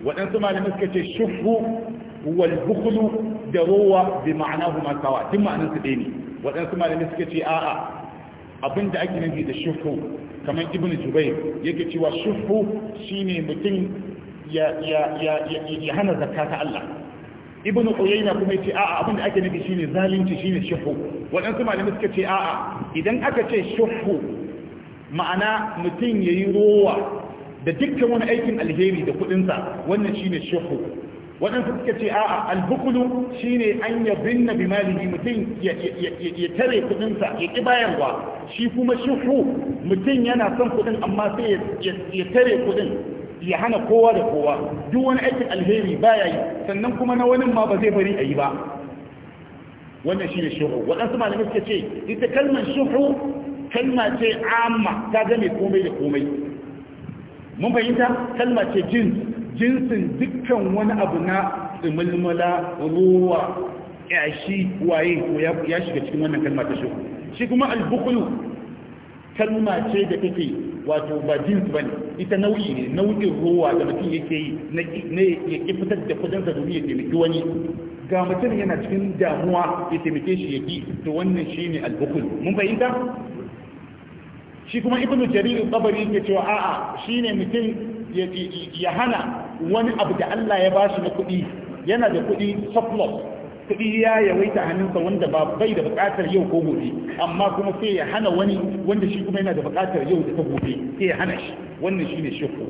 waɗansu malamai suka ce shuhu wal bukhlu da rowa bi sawa duk ma'anar su ɗaya ne waɗansu malamai suka ce a'a abin da ake nufi da shuhu kamar ibn jubair yake cewa shuhu shine mutum ya ya ya ya hana Allah ibn uyayna kuma yace a'a abin da ake nufi shine zalunci shine shuhu Waɗansu malamai suka ce a'a idan aka ce shuhu ma'ana mutum yayi rowa da dukkan wani aikin alheri da kudin sa wannan shine shuhu waɗansu suka ce a'a albukulu shine an ya binna bi malihi mutum ya tare kudinsa ya ƙi bayarwa shi kuma shuhu mutum yana son kudin amma sai ya tare kudin ya hana kowa da kowa duk wani aikin alheri baya yi sannan kuma na wani ma ba zai bari a yi ba wannan shi ne shuhu waɗansu malamai suka ce ita kalmar shuhu kalma ce amma ta game komai da komai mun fahimta kalma ce jins jinsin dukkan wani abu na tsimulmula ruwa yashi waye ya shiga cikin wannan kalma ta shi shi kuma albukulu kalma ce da take wato ba jins ba ne. ita nau'i ne nau'in ruwa da mutum yake yi na ya fitar da kudin sa domin ya taimaki wani ga mutum yana cikin damuwa ya taimake shi ya ki to wannan shi ne albukul mun fahimta? shi kuma ibnu jarir tabari yake cewa a'a shine mutum ya hana wani abu da Allah ya bashi na kuɗi yana da kuɗi surplus kuɗi ya yawaita hannunsa wanda ba bai da buƙatar yau ko gobe amma kuma sai ya hana wani wanda shi kuma yana da buƙatar yau da ta gobe sai ya hana shi wannan shine shirku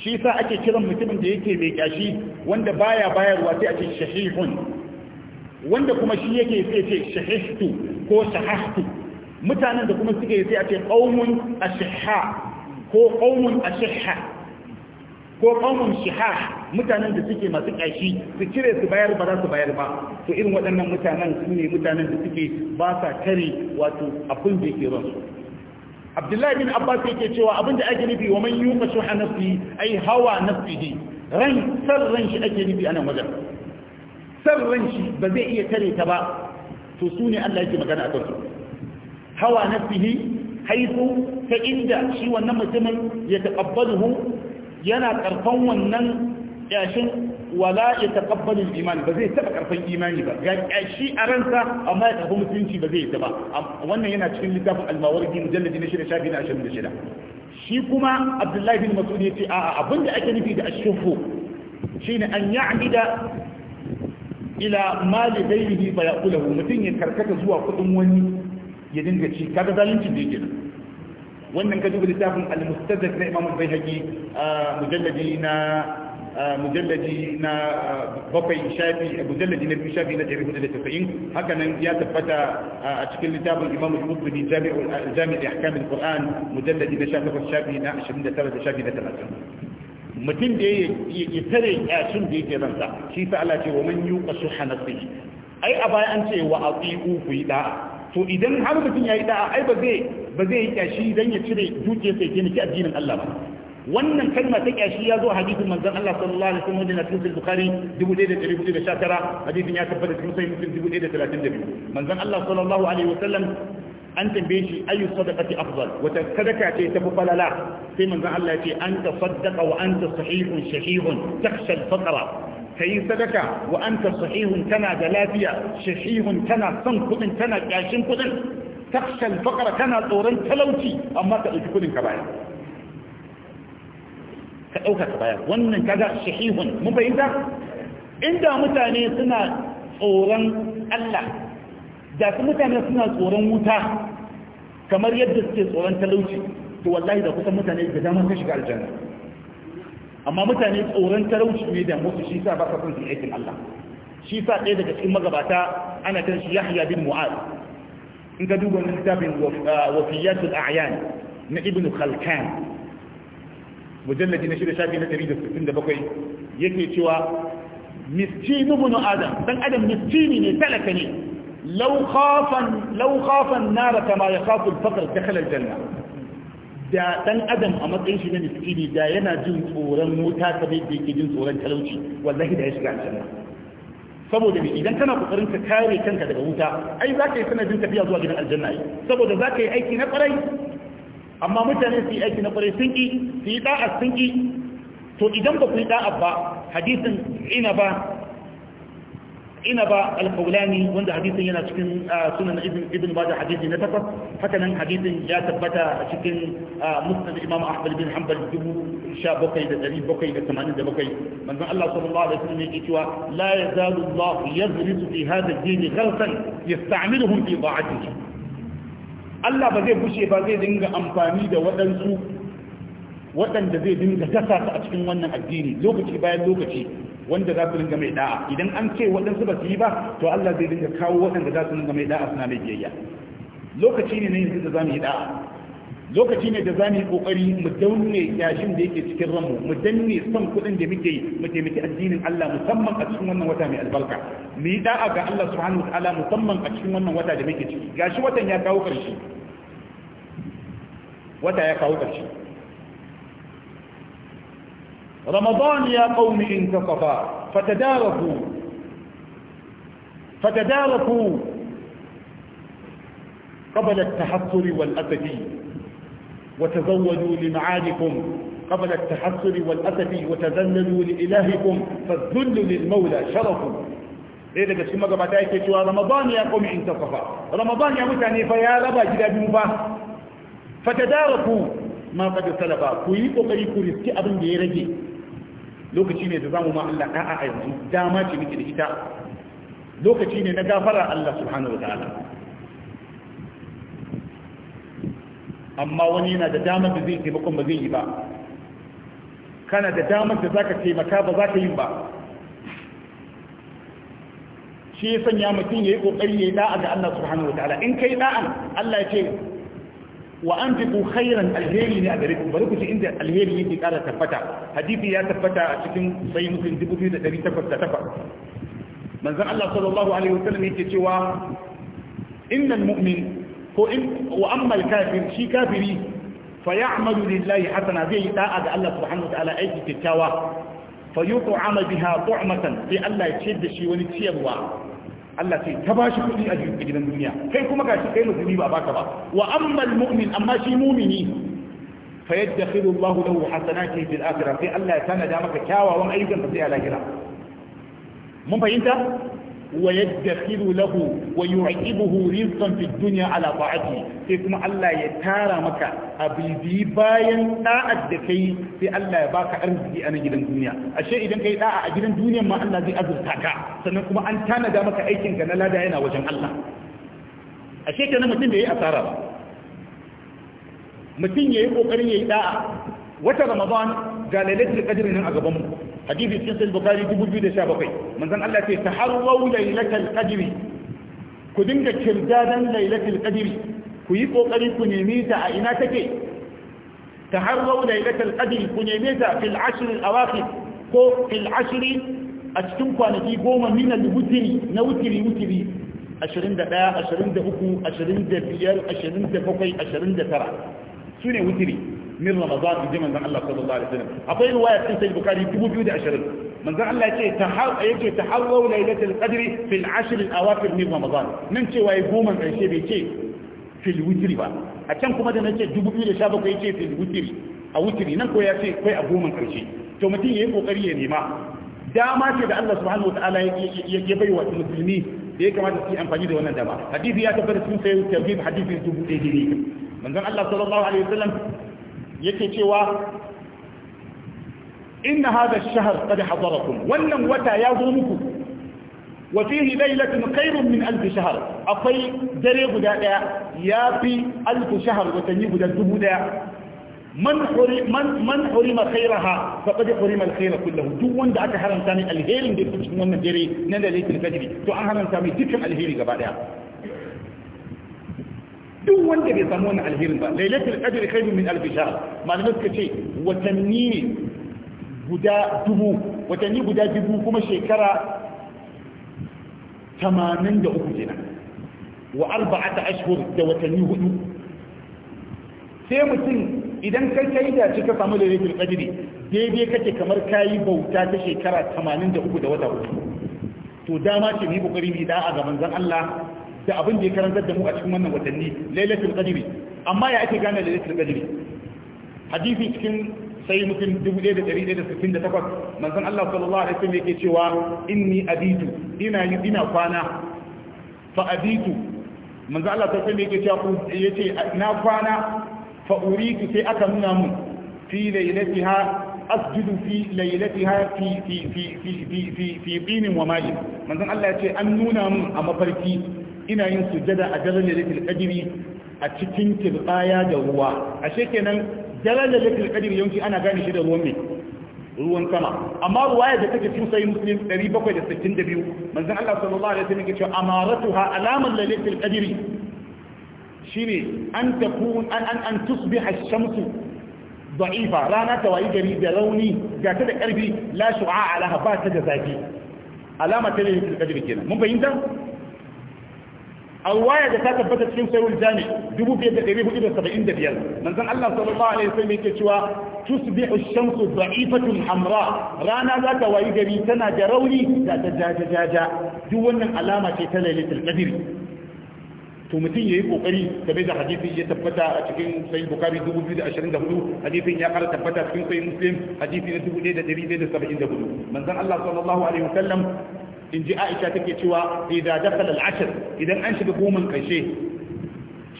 shi yasa ake kiran mutumin da yake mai kyashi wanda baya bayarwa sai a ce shahihun wanda kuma shi yake sai ce shahihtu ko shahahtu mutanen da kuma suke sai a ce qaumun ashihha ko qaumun ashihha ko kawun shiha mutanen da suke masu ƙashi su cire su bayar ba za su bayar ba to irin waɗannan mutanen su ne mutanen da suke ba sa kare wato abin da ke ransu abdullahi bin abbas yake cewa abin da ake nufi wa man yuqa shuha nafsi ai hawa nafsihi ran san ran shi ake nufi anan wajen san ran shi ba zai iya tare ta ba to su ne Allah yake magana a kansu hawa nafsihi haifu ta inda shi wannan mutumin ya taqabbaluhu yana karfan wannan kyashin wala ya taqabbalul iman ba zai taba karfan imani ba ga kyashi a ransa amma ya tafi mutunci ba zai ta ba wannan yana cikin littafin al-mawardi mujallad na 6 shafi na shi kuma abdullahi bin mas'ud a a'a abinda ake nufi da ashshufu shine an ya'mida ila mali ghairihi fa yaqulahu mutun ya karkata zuwa kudin wani ya dinga ci kaga zalunci da yake wannan ka duba littafin al-mustadrak na Imam al bayhaqi mujalladi na mujalladi na bakwai shafi mujalladi na shafi na ɗari hudu da tasa'in haka nan ya tabbata a cikin littafin imam al-mukhbari jami'ar ahkam al-qur'an mujalladi na shafi shafi na 29 da shafi na 30 mutum da ya tare yashin da yake ransa shi fa Allah ce wa man yuqashu shuha ai a baya an ce wa aqiqu fi yi da'a to idan har mutum ya yi da'a ai ba zai ba zai kyashi dan ya cire dukiyar sai ke addinin Allah ba wannan kalma ta kyashi ya zo hadisin manzon Allah sallallahu alaihi wasallam da Nabi Bukhari 1419 hadisin ya tabbata cikin sahih Muslim 1032 manzon Allah sallallahu alaihi wasallam an tambaye shi ayu sadaqati afdal wata sadaka ce ta falala sai manzon Allah ya ce anta saddaqa wa anta sahihun shahihun takhsha al-faqra ka yi sadaka wa an sahihun tana da lafiya shahihun tana son kudin tana kyashin kudin takshal fakara tana tsoron talauci amma ka ɗauki kudin ka baya ka ɗauka ka baya wannan kaga shahihun mun fahimta inda mutane suna tsoron Allah da su mutane suna tsoron wuta kamar yadda suke tsoron talauci to wallahi da kusan mutane da dama ka shiga aljanna amma mutane tsoron talauci ne da musu shi sa ba ka son su aikin Allah shi sa ɗaya daga cikin magabata ana kan shi Yahya bin Mu'az in ka duba littafin wafiyatul a'yan na Ibn Khalkan mujalladi na shida shafi na 167 yake cewa miskin ibn adam dan adam miskini ne talaka ne لو خافا لو خافا النار كما يخاف الفقر دخل الجنه da dan adam a matsayin shi na miskini da yana jin tsoron mota kamar da yake jin tsoron talauci wallahi da ya shiga aljanna saboda me idan kana kokarin ka kare kanka daga wuta ai za ka yi sanadin tafiya zuwa gidan aljanna ai saboda za ka yi aiki na kwarai amma mutane su yi aiki na kwarai sun ki su yi da'a sun ki to idan ba ku yi da'a ba hadisin ina ba inaba al-qawlani wanda hadisin yana cikin ah, sunan ibn bada hadisi na takwas haka nan hadisin ya tabbata a cikin ah, musnad imam ahmad bin hanbal dubu sha bakwai da dari bakwai da tamanin da bakwai manzon allah sallallahu alaihi wasallam yake cewa la yazalu allah yazrisu fi hadha ad-din ghalsan yasta'miluhum fi da'atihi Allah ba zai bushe ba zai dinga amfani da waɗansu waɗanda zai dinga gasa su a cikin wannan addini lokaci bayan lokaci wanda za su dinga mai da'a idan an ce waɗansu ba su yi ba to Allah zai dinga kawo waɗanda za su dinga mai da'a suna mai biyayya lokaci ne na yanzu da za mu yi da'a lokaci ne da za mu yi kokari mu daune yashin da yake cikin ranmu mu danne son kuɗin da muke yi mu taimaki addinin Allah musamman a cikin wannan wata mai albarka mu yi da'a ga Allah subhanahu wa ta'ala musamman a cikin wannan wata da muke ciki gashi watan ya kawo ƙarshe wata ya kawo ƙarshe رمضان يا قوم انتصفا فتداركوا فتداركوا قبل التحصر والأسد وتزودوا لمعادكم قبل التحصر والأسد وتذللوا لإلهكم فالذل للمولى شرف إذا إيه قلت كما قبعت أيكي رمضان يا قوم انتصفا رمضان يا متعني فيا ربا جدا بمبا فتداركوا ما قد سلقا كيف قريب رزك أبن بيرجي lokaci ne da zamu ma Allah da'a a yanzu dama ce muke da ita lokaci ne na gafara Allah subhanahu wa ta'ala amma wani yana da damar da zai taimakon ba zai yi ba kana da damar da zaka taimaka ba zaka yi ba shi ya sanya mutum ya yi kokari ya yi da'a ga Allah subhanahu wa ta'ala in kai da'a Allah ya ce wa an fi khairan alheri ne a gare ku bari ku ci inda alheri yake kara tabbata hadisi ya tabbata a cikin sai mutum dubu biyu da ɗari takwas da takwas manzon Allah sallallahu alaihi wasallam yake cewa innal mu'min ko in wa amma al-kafir shi kafiri fa ya'malu lillahi hasana zai yi da'a ga Allah subhanahu wa ta'ala aiki kyakkyawa fa yuqama biha tu'matan sai Allah ya ce da shi wani ciyarwa Allah sai ta bashi kuɗi a gidan duniya kai kuma gashi kai musulmi ba baka ba wa ammal mu'min amma shi mumini fa yadkhilu Allah lahu hasanati fil akhirah sai Allah ya tanada maka kyawawan ayyukan da sai a lahira mun fahimta ويدخل له ويعقبه رزقا في الدنيا على طاعته sai kuma Allah ya tara maka abibi bayan da'ar da kai sai Allah ya baka arziki a nan gidan duniya ashe idan kai da'a a gidan duniyan ma Allah zai azurta ka sannan kuma an tanada maka aikin ka na lada yana wajen Allah ashe kana mutum bai yi asara ba mutum ya yi yayi ya yi da'a wata Ramadan ga lailatul qadr nan a gaban mu hadisi cikin sahih bukhari 2017 manzon Allah ce taharraw lailatul qadr ku dinga kirdadan lailatul qadr ku yi kokari ku nemi ta a ina take taharraw lailatul qadr ku nemi ta fil ashr al awakhir ko fil ashr a cikin kwanaki goma min al wutri na wutri wutri 21 23 25 27 29 ne wutri min ramadan ji manzon Allah sallallahu alaihi wasallam akwai riwaya cikin sahih bukhari 2020 manzon Allah yace tahar yace taharru lailatul qadri fil ashr al awafir min ramadan nan cewa ya goma karshe bai ce fil witri ba a can kuma da nace 2017 yace fil witri a witri nan ko ya ce kai a goma karshe to mutum yayi kokari ya nema dama ce da Allah subhanahu wataala ya bai musulmi da ya kamata su yi amfani da wannan dama hadisi ya tabbata cikin sayyid tawhid hadisi dubu ɗaya ne manzon Allah sallallahu alaihi wasallam yake cewa inna hadha ash-shahr qad wannan wata ya zo muku wa fihi laylatun khairun min alf akwai dare guda daya yafi alf shahar watanni guda dubu daya man man man ha khairaha faqad hurima al-khaira kullahu duk wanda aka haramta ne alherin da cikin wannan dare na da lailatul qadri to an haramta mai dukkan alheri gaba daya duk wanda bai samu wannan alherin ba lailatul qadri khairun min alf shahr malamai suka ce watanni ne guda dubu watanni guda dubu kuma shekara 83 kenan wa arba'ata ashhur da watanni hudu sai mutum idan kai kai da cika samu lailatul qadri daidai kake kamar kayi bauta ta shekara 83 da wata uku to dama ce mu yi kokari mu da a gaban zan Allah da abin da ya karantar da mu a cikin wannan watanni lailatul qadri amma ya ake gane lailatul qadri hadisi cikin sai mutum 1168 manzon Allah sallallahu alaihi wasallam yake cewa inni abitu ina ina kwana fa abitu manzon Allah sallallahu alaihi wasallam yake cewa yace na kwana fa uritu sai aka nuna mun fi lailatiha asjudu fi lailatiha fi fi fi fi fi fi binin wa mali manzon Allah ya ce an nuna mun a mafarki ina yin sujada a jalar lalatul qadri a cikin tirbaya da ruwa ashe kenan jalar lalatul qadri yanki ana gane shi da ruwan me ruwan sama amma ruwaya da take cikin sahih muslim 762 manzon Allah sallallahu alaihi wasallam yace amaratuha alaman lalatul qadri shine an takun an an an tusbiha ash-shamsu da'ifa rana ta wayi gari da rauni ga ta da ƙarfi la shu'a alaha ba ta da zafi alama ta lalatul qadri kenan mun fahimta awaya da ta tabbata cikin sayul jami dubu biyar da da da saba'in 2475 manzon Allah sallallahu alaihi wasallam yake cewa tusbihu ash-shamsu da'ifatun hamra rana za ta wayi gari tana da rauni da ta jaja duk wannan alama ce ta lailatul qadr to mutum yayi kokari game da hadisi ya tabbata a cikin sahih bukhari 2024 hadisin ya kara tabbata cikin sahih muslim hadisi na 1174 manzon Allah sallallahu alaihi wasallam in ji aisha take cewa idan dakala al'ashir idan an shiga goman karshe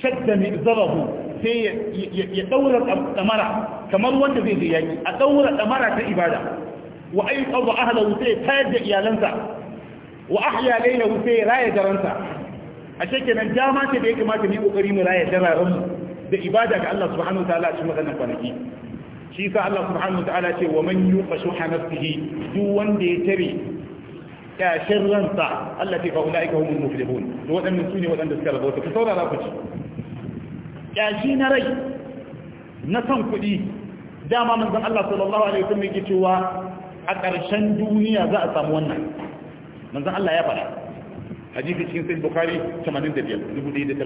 shadda mizarahu sai ya daura damara kamar wanda zai je yaki a daura damara ta ibada wa ay qada ahlahu sai tayar da iyalansa wa ahya laylahu sai raya daransa a shekenan dama ce da ya kamata mu kokari mu raya dararen mu da ibada ga Allah subhanahu wa ta'ala cikin wadannan kwanaki shi sa Allah subhanahu wa ta'ala ce wa man yuqa shuha nafsihi duk wanda ya tare kyashin ransa Allah ce fa ulaika humul muflihun to waɗannan ne waɗanda suka rabauta ku saurara ku ci kyashi na rai na son kuɗi dama manzon Allah sallallahu alaihi wasallam yake cewa a ƙarshen duniya za a samu wannan manzon Allah ya faɗa hadisi cikin sahih bukhari 85 1136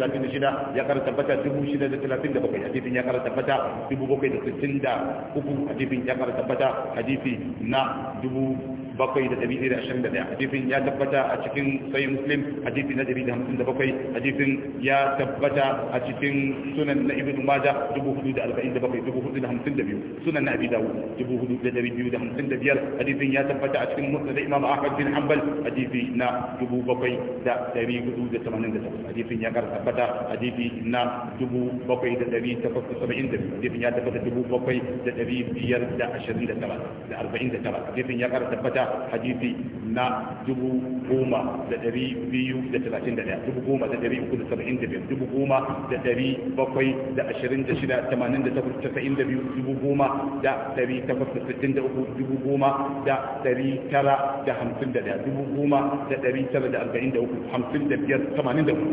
ya karanta tabbata 6637 hadisin ya karanta tabbata 763 hadisin ya karanta tabbata hadisi na 1000 bakwai da ɗari ɗaya da ashirin da ɗaya hadisin ya tabbata a cikin sai muslim hadisi na ɗari da hamsin da bakwai hadisin ya tabbata a cikin sunan na ibnu maja dubu hudu da arba'in da bakwai dubu hudu da hamsin da biyu sunan na abi dawud dubu hudu da dari biyu da hamsin da biyar hadisin ya tabbata a cikin da imam ahmad bin hanbal hadisi na dubu bakwai da dari hudu da tamanin da takwas hadisin ya ƙara tabbata hadisi na dubu bakwai da ɗari takwas da saba'in da biyu hadisin ya tabbata dubu bakwai da dari biyar da ashirin da tara da arba'in da tara hadisin ya ƙara tabbata hadisi na dubu goma da dari biyu da talatin da ɗaya dubu goma da dari uku da saba'in da biyar dubu goma da dari bakwai da ashirin da shida tamanin da takwas tasa'in da biyu dubu goma da dari takwas da sittin da uku dubu goma da dari tara da hamsin da ɗaya dubu goma da dari tara da arba'in da uku hamsin da biyar tamanin da uku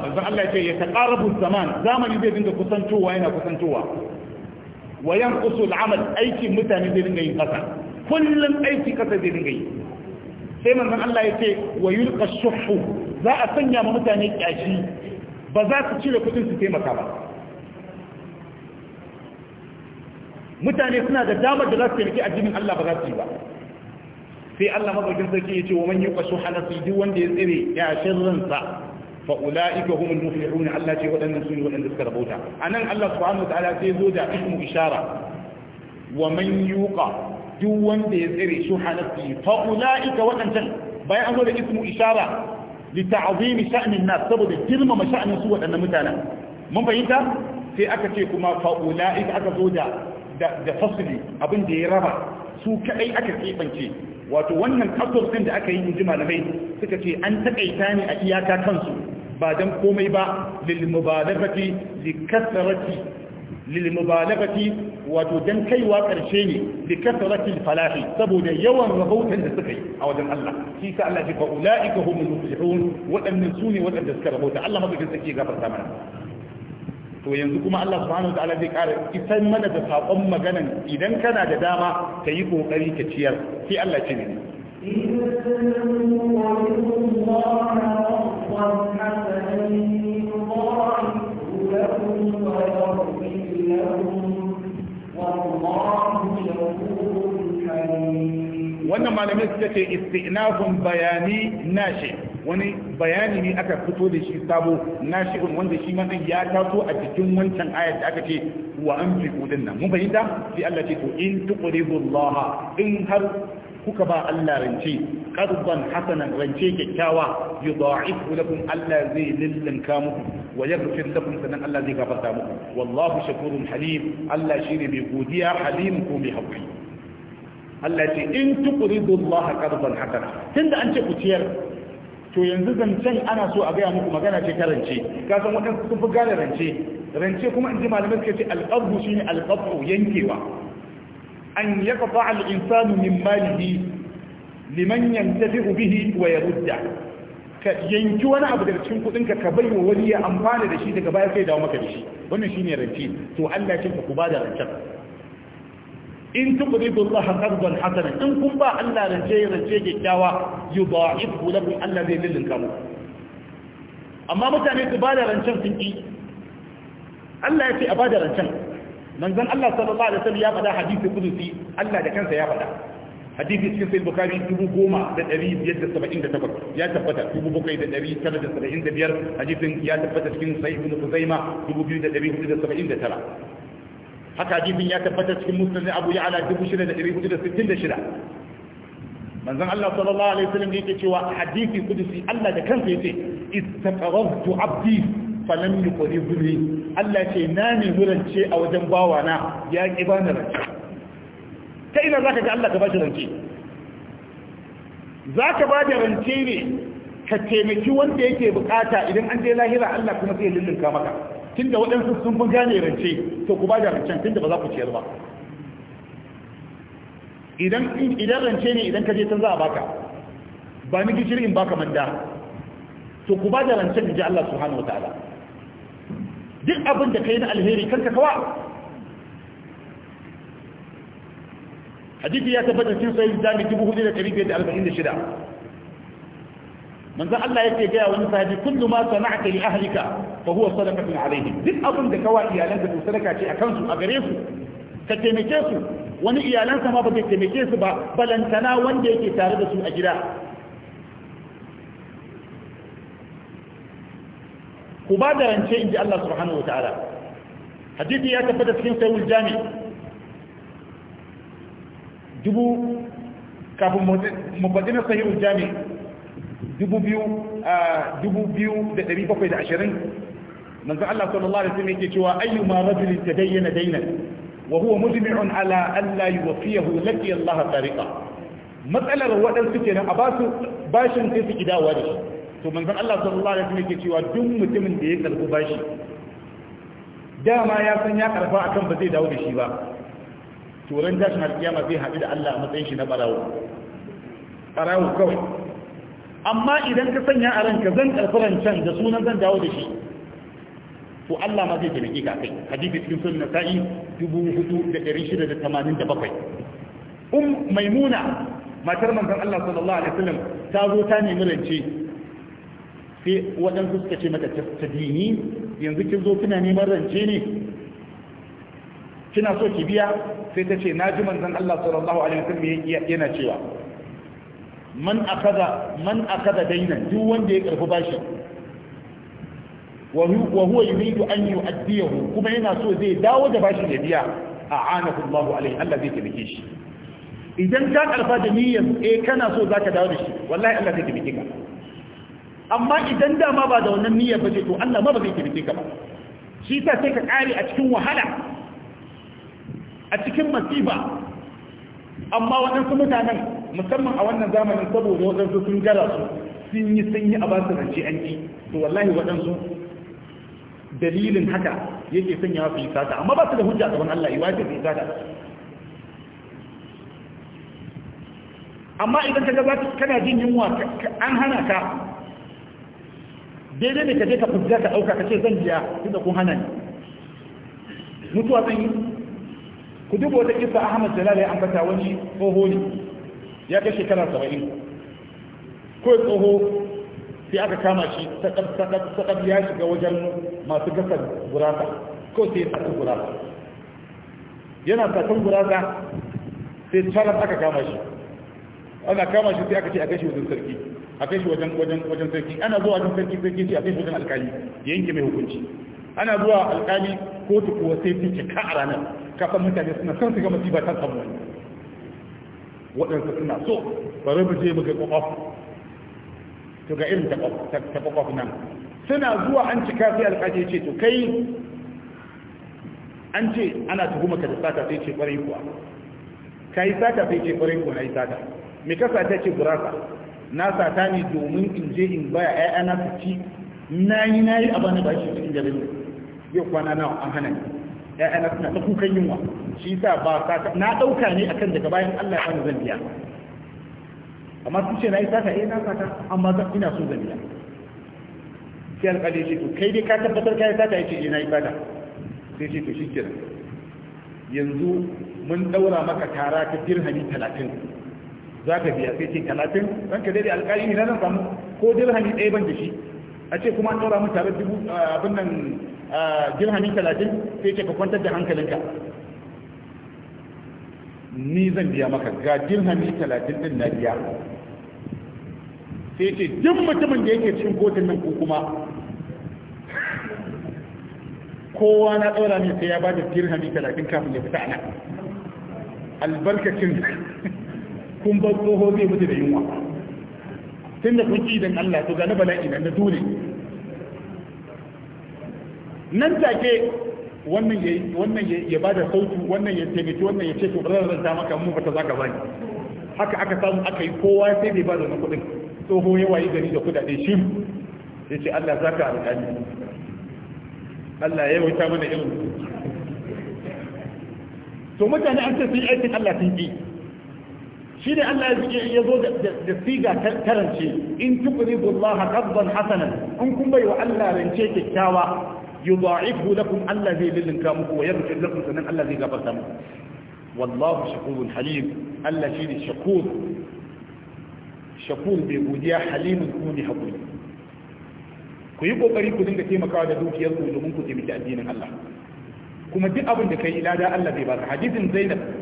manzon Allah ya ce ya taqarabu zaman zamani zai dinga kusantowa yana kusantowa wayan yanqusu al-amal aikin mutane zai dinga yin ƙasa. kullum aiki kasa zai dinga yi sai manzon Allah ya ce wa yulqa shuhu za a sanya ma mutane kyashi ba za su cire kudin su taimaka ba mutane suna da damar da za su taimaki addinin Allah ba za su yi ba sai Allah mabakin sarki ya ce wa man yuqa shuha nafsi duk wanda ya tsere kyashin ransa fa ulaika humul muflihun Allah ce waɗannan su ne waɗanda suka rabauta anan Allah subhanahu wa ta'ala sai zo da ismu ishara wa man yuqa duk wanda ya tsare su hanafi fa ulaika wadannan bayan an zo da ismu ishara li ta'zim sha'nin nas saboda girmama sha'nin su wadannan mutanen mun fahimta sai aka ce kuma fa ulaika aka zo da da fasli abin da ya raba su kadai aka kebance wato wannan kasur din da aka yi ji malamai suka ce an takaita ne a iyaka kansu ba dan komai ba lil mubadarati li للمبالغة وتجن كي واقر شيني لكثرة الفلاح سبود يوان وغوتا لسكي أو دن الله في سألة فأولئك هم المفلحون وأن ننسوني وأن تذكر غوتا الله مبقى سكي غفر ثمنا وينزكم الله سبحانه وتعالى ذيك قال إسان من دفع أم جنا إذا كان جداما تيكو قري كتير في الله شيني إذا سنوا وإذا الله وإذا الله وإذا الله وإذا الله wannan malamai suka ce istinafun bayani nashi wani bayani ne aka fito da shi sabo nashi'un wanda shi ma ya taso a cikin wancan ayat da aka ce wa anfiqu nan mun fahimta sai Allah ce to in tuqridu in har kuka ba Allah rance qardan hasanan rance kyakkyawa yudha'ifu lakum Allah zai lillinka muku wa yaghfir lakum sanan Allah zai gafarta muku wallahu shakurun halim Allah shine mai godiya halim ko mai hakuri Allah ce in tuqridu Allah qardan hasana tunda an ce ku ciyar to yanzu zancen ana so a gaya muku magana ce ta rance ka san waɗansu sun fi gane rance rance kuma in ji malamai suka ce alƙabdu shine alƙabdu yankewa an yaqta al-insanu min malihi liman yantafi'u bihi wa yarudda ka yanki wani abu daga cikin kudin ka bai wa wani ya amfana da shi daga baya sai dawo maka da shi wannan shine rance to Allah ya kinka ku ba da rancen in tuqridu Allah qardan hasanan in kun ba Allah rance rance kyakkyawa yudha'ifhu lakum Allah zai lillinka muku amma mutane su ba da rancen sun ki Allah ya ce a ba da rancen manzon Allah sallallahu alaihi wasallam ya faɗa hadisi kudusi Allah da kansa ya faɗa hadisi cikin sai bukari dubu goma da ɗari biyar da saba'in da takwas ya tabbata dubu bakwai da ɗari tara da saba'in da biyar hadisin ya tabbata cikin sai ibn kuzaima dubu biyu da ɗari hudu da saba'in da tara haka hadisin ya tabbata cikin musnad abu ya'ala dubu shida da ɗari hudu da sittin da shida manzon Allah sallallahu alaihi wasallam ke cewa hadisi kudusi Allah da kansa ya yace istaqarrabtu abdi falam yi kuri zuri Allah ce na nemi rance a wajen bawana ya ƙi ba ni rance ta ina za ka ga Allah ka ba shi rance za ka ba da rance ne ka taimaki wanda yake bukata idan an je lahira Allah kuma zai lullunka maka tunda waɗansu sun fi gane rance to ku ba da rancen tunda ba za ku ciyar ba idan rance ne idan ka je can za a baka ba ni gishiri baka manda to ku ba da rancen in ji Allah subhanahu wa ta'ala duk abin da ka yi na alheri kanka kawa hadithi ya tabbatar cin sayin zami 4,546 manzo Allah yake gaya wani sahabi kullu ma sana'ta li ahlika fa huwa sadaqatun alaihim duk abin da kawa iyalanka to sadaka ce a kansu a gare su ka taimake su wani iyalansa ma ba zai taimake su ba balantana wanda yake tare da su a gida ku ba da rance ji Allah subhanahu wa ta'ala hadisi ya da cikin sayyid jami dubu kafin mubaddin sayyid jami dubu biyu a dubu biyu da ɗari bakwai da ashirin manzo Allah sallallahu alaihi wasallam yake cewa ayyuma rajulin tadayyana daynan وهو مجمع على ألا يوفيه لقي الله طريقا a وقت سكينة أباسو باشن تسكي داوالي to manzon Allah sallallahu alaihi wasallam yake cewa duk mutumin da ya karbi bashi dama ya san ya karfa akan ba zai dawo da shi ba to ran tashin alkiyama zai haɗu da Allah a matsayin shi na barawo barawo kawai amma idan ka sanya a ranka zan karfi rancen da sunan zan dawo da shi to Allah ma zai taimake ka kai hadisi cikin sunan nasa'i 4687 um maimuna matar manzon Allah sallallahu alaihi wasallam ta zo ta nemi rance sai waɗansu suka ce mata dini, yanzu kin zo kina neman rance ne kina so ki biya sai ta ce na ji manzon Allah sallallahu alaihi wasallam yana cewa man akaza man akaza daina duk wanda ya karfi bashi wa huwa yuridu an yu'addiyahu kuma yana so zai dawo da bashi ya biya a'anahu Allah alaihi Allah zai tabbike shi idan ka karfa da niyyar eh kana so zaka dawo da shi wallahi Allah zai tabbike ka amma idan dama ba da wannan niyyar ba ce to Allah ma ba zai taimake ka ba shi ta sai ka kare a cikin wahala a cikin masifa amma waɗansu mutanen musamman a wannan zamanin saboda su sun gara su sun yi sun yi a ba su rance an ki to wallahi waɗansu dalilin haka yake sanya su yi sata amma ba su da hujja gaban Allah yiwa ce su sata amma idan ka ga kana jin yunwa an hana ka daidai ne ka je ka fuska ka ɗauka ka ce zan biya tunda kun hana ni mutuwa zan yi ku duba wata kisa ahmad jalal ya ambata wani tsoho ne ya kai shekara saba'in ko tsoho sai aka kama shi sakab ya shiga wajen masu gasa gurasa ko sai ya sata gurasa yana satan gurasa sai calar aka kama shi ana kama shi sai aka ce a gashi wajen sarki a kai shi wajen wajen wajen sarki ana zuwa wajen sarki sarki sai a kai shi wajen alkali ya yanke mai hukunci ana zuwa alkali kotu kuwa sai su cika a ranar kafin mutane suna son su ga masifa ta samu waɗansu suna so bari mu je mu ga kwakwaf to ga irin ta kwakwaf nan suna zuwa an cika sai alkali ya ce to kai an ce ana tuhuma ka da sata sai ce kwarai kuwa ka yi sata sai ce kwarai kuwa na yi sata me kasa ta ce gurasa na sata ne domin in je in baya ƴaƴana na ci na yi na yi a bani ba shi cikin garin yau kwana nawa an hana ni ƴaƴana suna ta kukan yunwa shi sa ba sata na ɗauka ne akan daga bayan Allah ya bani zan biya amma sun ce na yi sata eh na sata amma zan ina so zan biya sai alƙali ce to kai dai ka tabbatar ka yi sata ya ce eh na yi sata sai ce to shi kira yanzu mun ɗaura maka tara ta dirhami talatin za ka biya sai cin talatin ɗan ka daidai alƙali ne na nan samu ko dirhami ɗaya ban da shi a ce kuma an ɗora mun tare dubu abin nan dirhami talatin sai ce ka kwantar da hankalinka ni zan biya maka ga dirhami talatin ɗin na biya sai ce duk mutumin da yake cikin kotun nan ko kuma kowa na ɗora ne sai ya ba da dirhami talatin kafin ya fita a nan albarkacin kun bar tsoho zai mutu da yunwa tun da kun idan Allah to gani bala'i nan da dole nan take wannan ya wannan ya bada sautu wannan ya taimaki wannan ya ce to ba zan ta maka mu ba ta zaka bani haka aka samu aka yi kowa sai bai bada wannan kuɗin tsoho ya wayi gari da kuɗaɗe shi ya ce Allah zaka alƙali Allah ya yawaita mana irin to mutane an ce sun yi aikin Allah sun yi shi ne Allah ya zo da siga karance in tukuri Allah qabdan hasanan in kun bai wa Allah rance kyakkyawa yudha'ifu lakum Allah zai lilinka muku wa yarju lakum sanan Allah zai gafarta muku wallahu shakurun halim Allah shi ne shakur shakur bai godiya halimun kuma ne hakuri ku yi kokari ku dinga taimakawa da dukiyar ku domin ku taimaki addinin Allah kuma duk abin da kai ilada Allah zai baka hadisin Zainab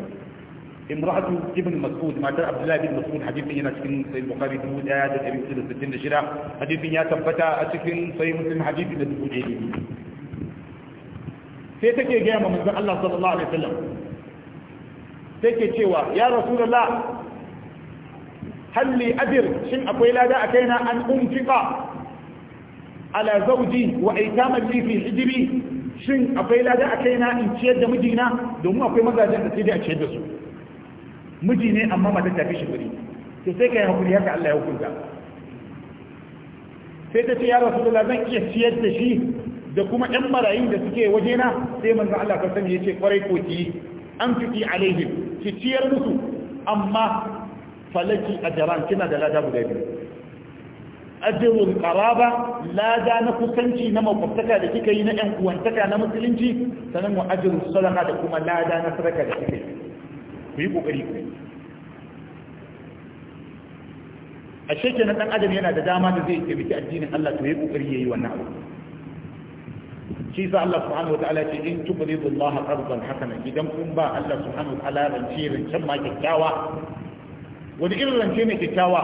imratu ibn mas'ud matar abdullahi Ibn mas'ud hadisin yana cikin sahih bukhari 1166 Hadithin ya tabbata a cikin sahih muslim Hadithi da dubu 1000 sai take ga mu manzon Allah sallallahu alaihi wasallam take cewa ya rasulullah halli ajir shin akwai lada a kaina an umfiqa ala Zawji, wa aitaman li fi hijri shin akwai lada a kaina in ciyar da mijina domin akwai mazajen da sai dai a ciyar da su miji ne amma mata ta fi shi kuɗi to sai ka yi hakuri haka Allah ya hukunta sai ta ce ya rasulullah zan iya ciyar da shi da kuma ƴan marayun da suke na sai manzo Allah ka sani ce kwarai ko ki an fiki alaihim ki ciyar musu amma falaki a jaran kina da lada guda biyu ajrul Karaba, lada na kusanci na makwabtaka da kika yi na ƴan uwantaka na musulunci sanan wa ajrul sadaka da kuma lada na sadaka da kika yi ku yi kokari ku a shekenan dan adam yana da dama da zai taimaki addinin Allah to yi ya yi wannan abu shi sa Allah subhanahu wa ta'ala ce in tubridu Allah qardan hasana idan kun ba Allah subhanahu wa ta'ala rance rancen ma kyakkyawa wani irin rance ne kyakkyawa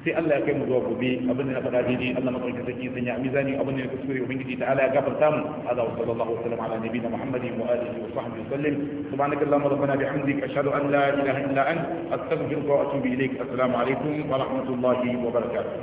sai Allah ya kai mu zuwa gobe abin da na faɗa daidai Allah madaukakin sarki sun ya mizani abin da na kuskure ubangiji ta ala ya gafarta mu hada wa sallallahu alaihi wa sallam ala nabiyina muhammadin wa alihi wa sahbihi sallim subhanaka allahumma rabbana bihamdik ashhadu an la ilaha illa anta astaghfiruka wa atubu ilaik assalamu alaikum wa rahmatullahi wa barakatuh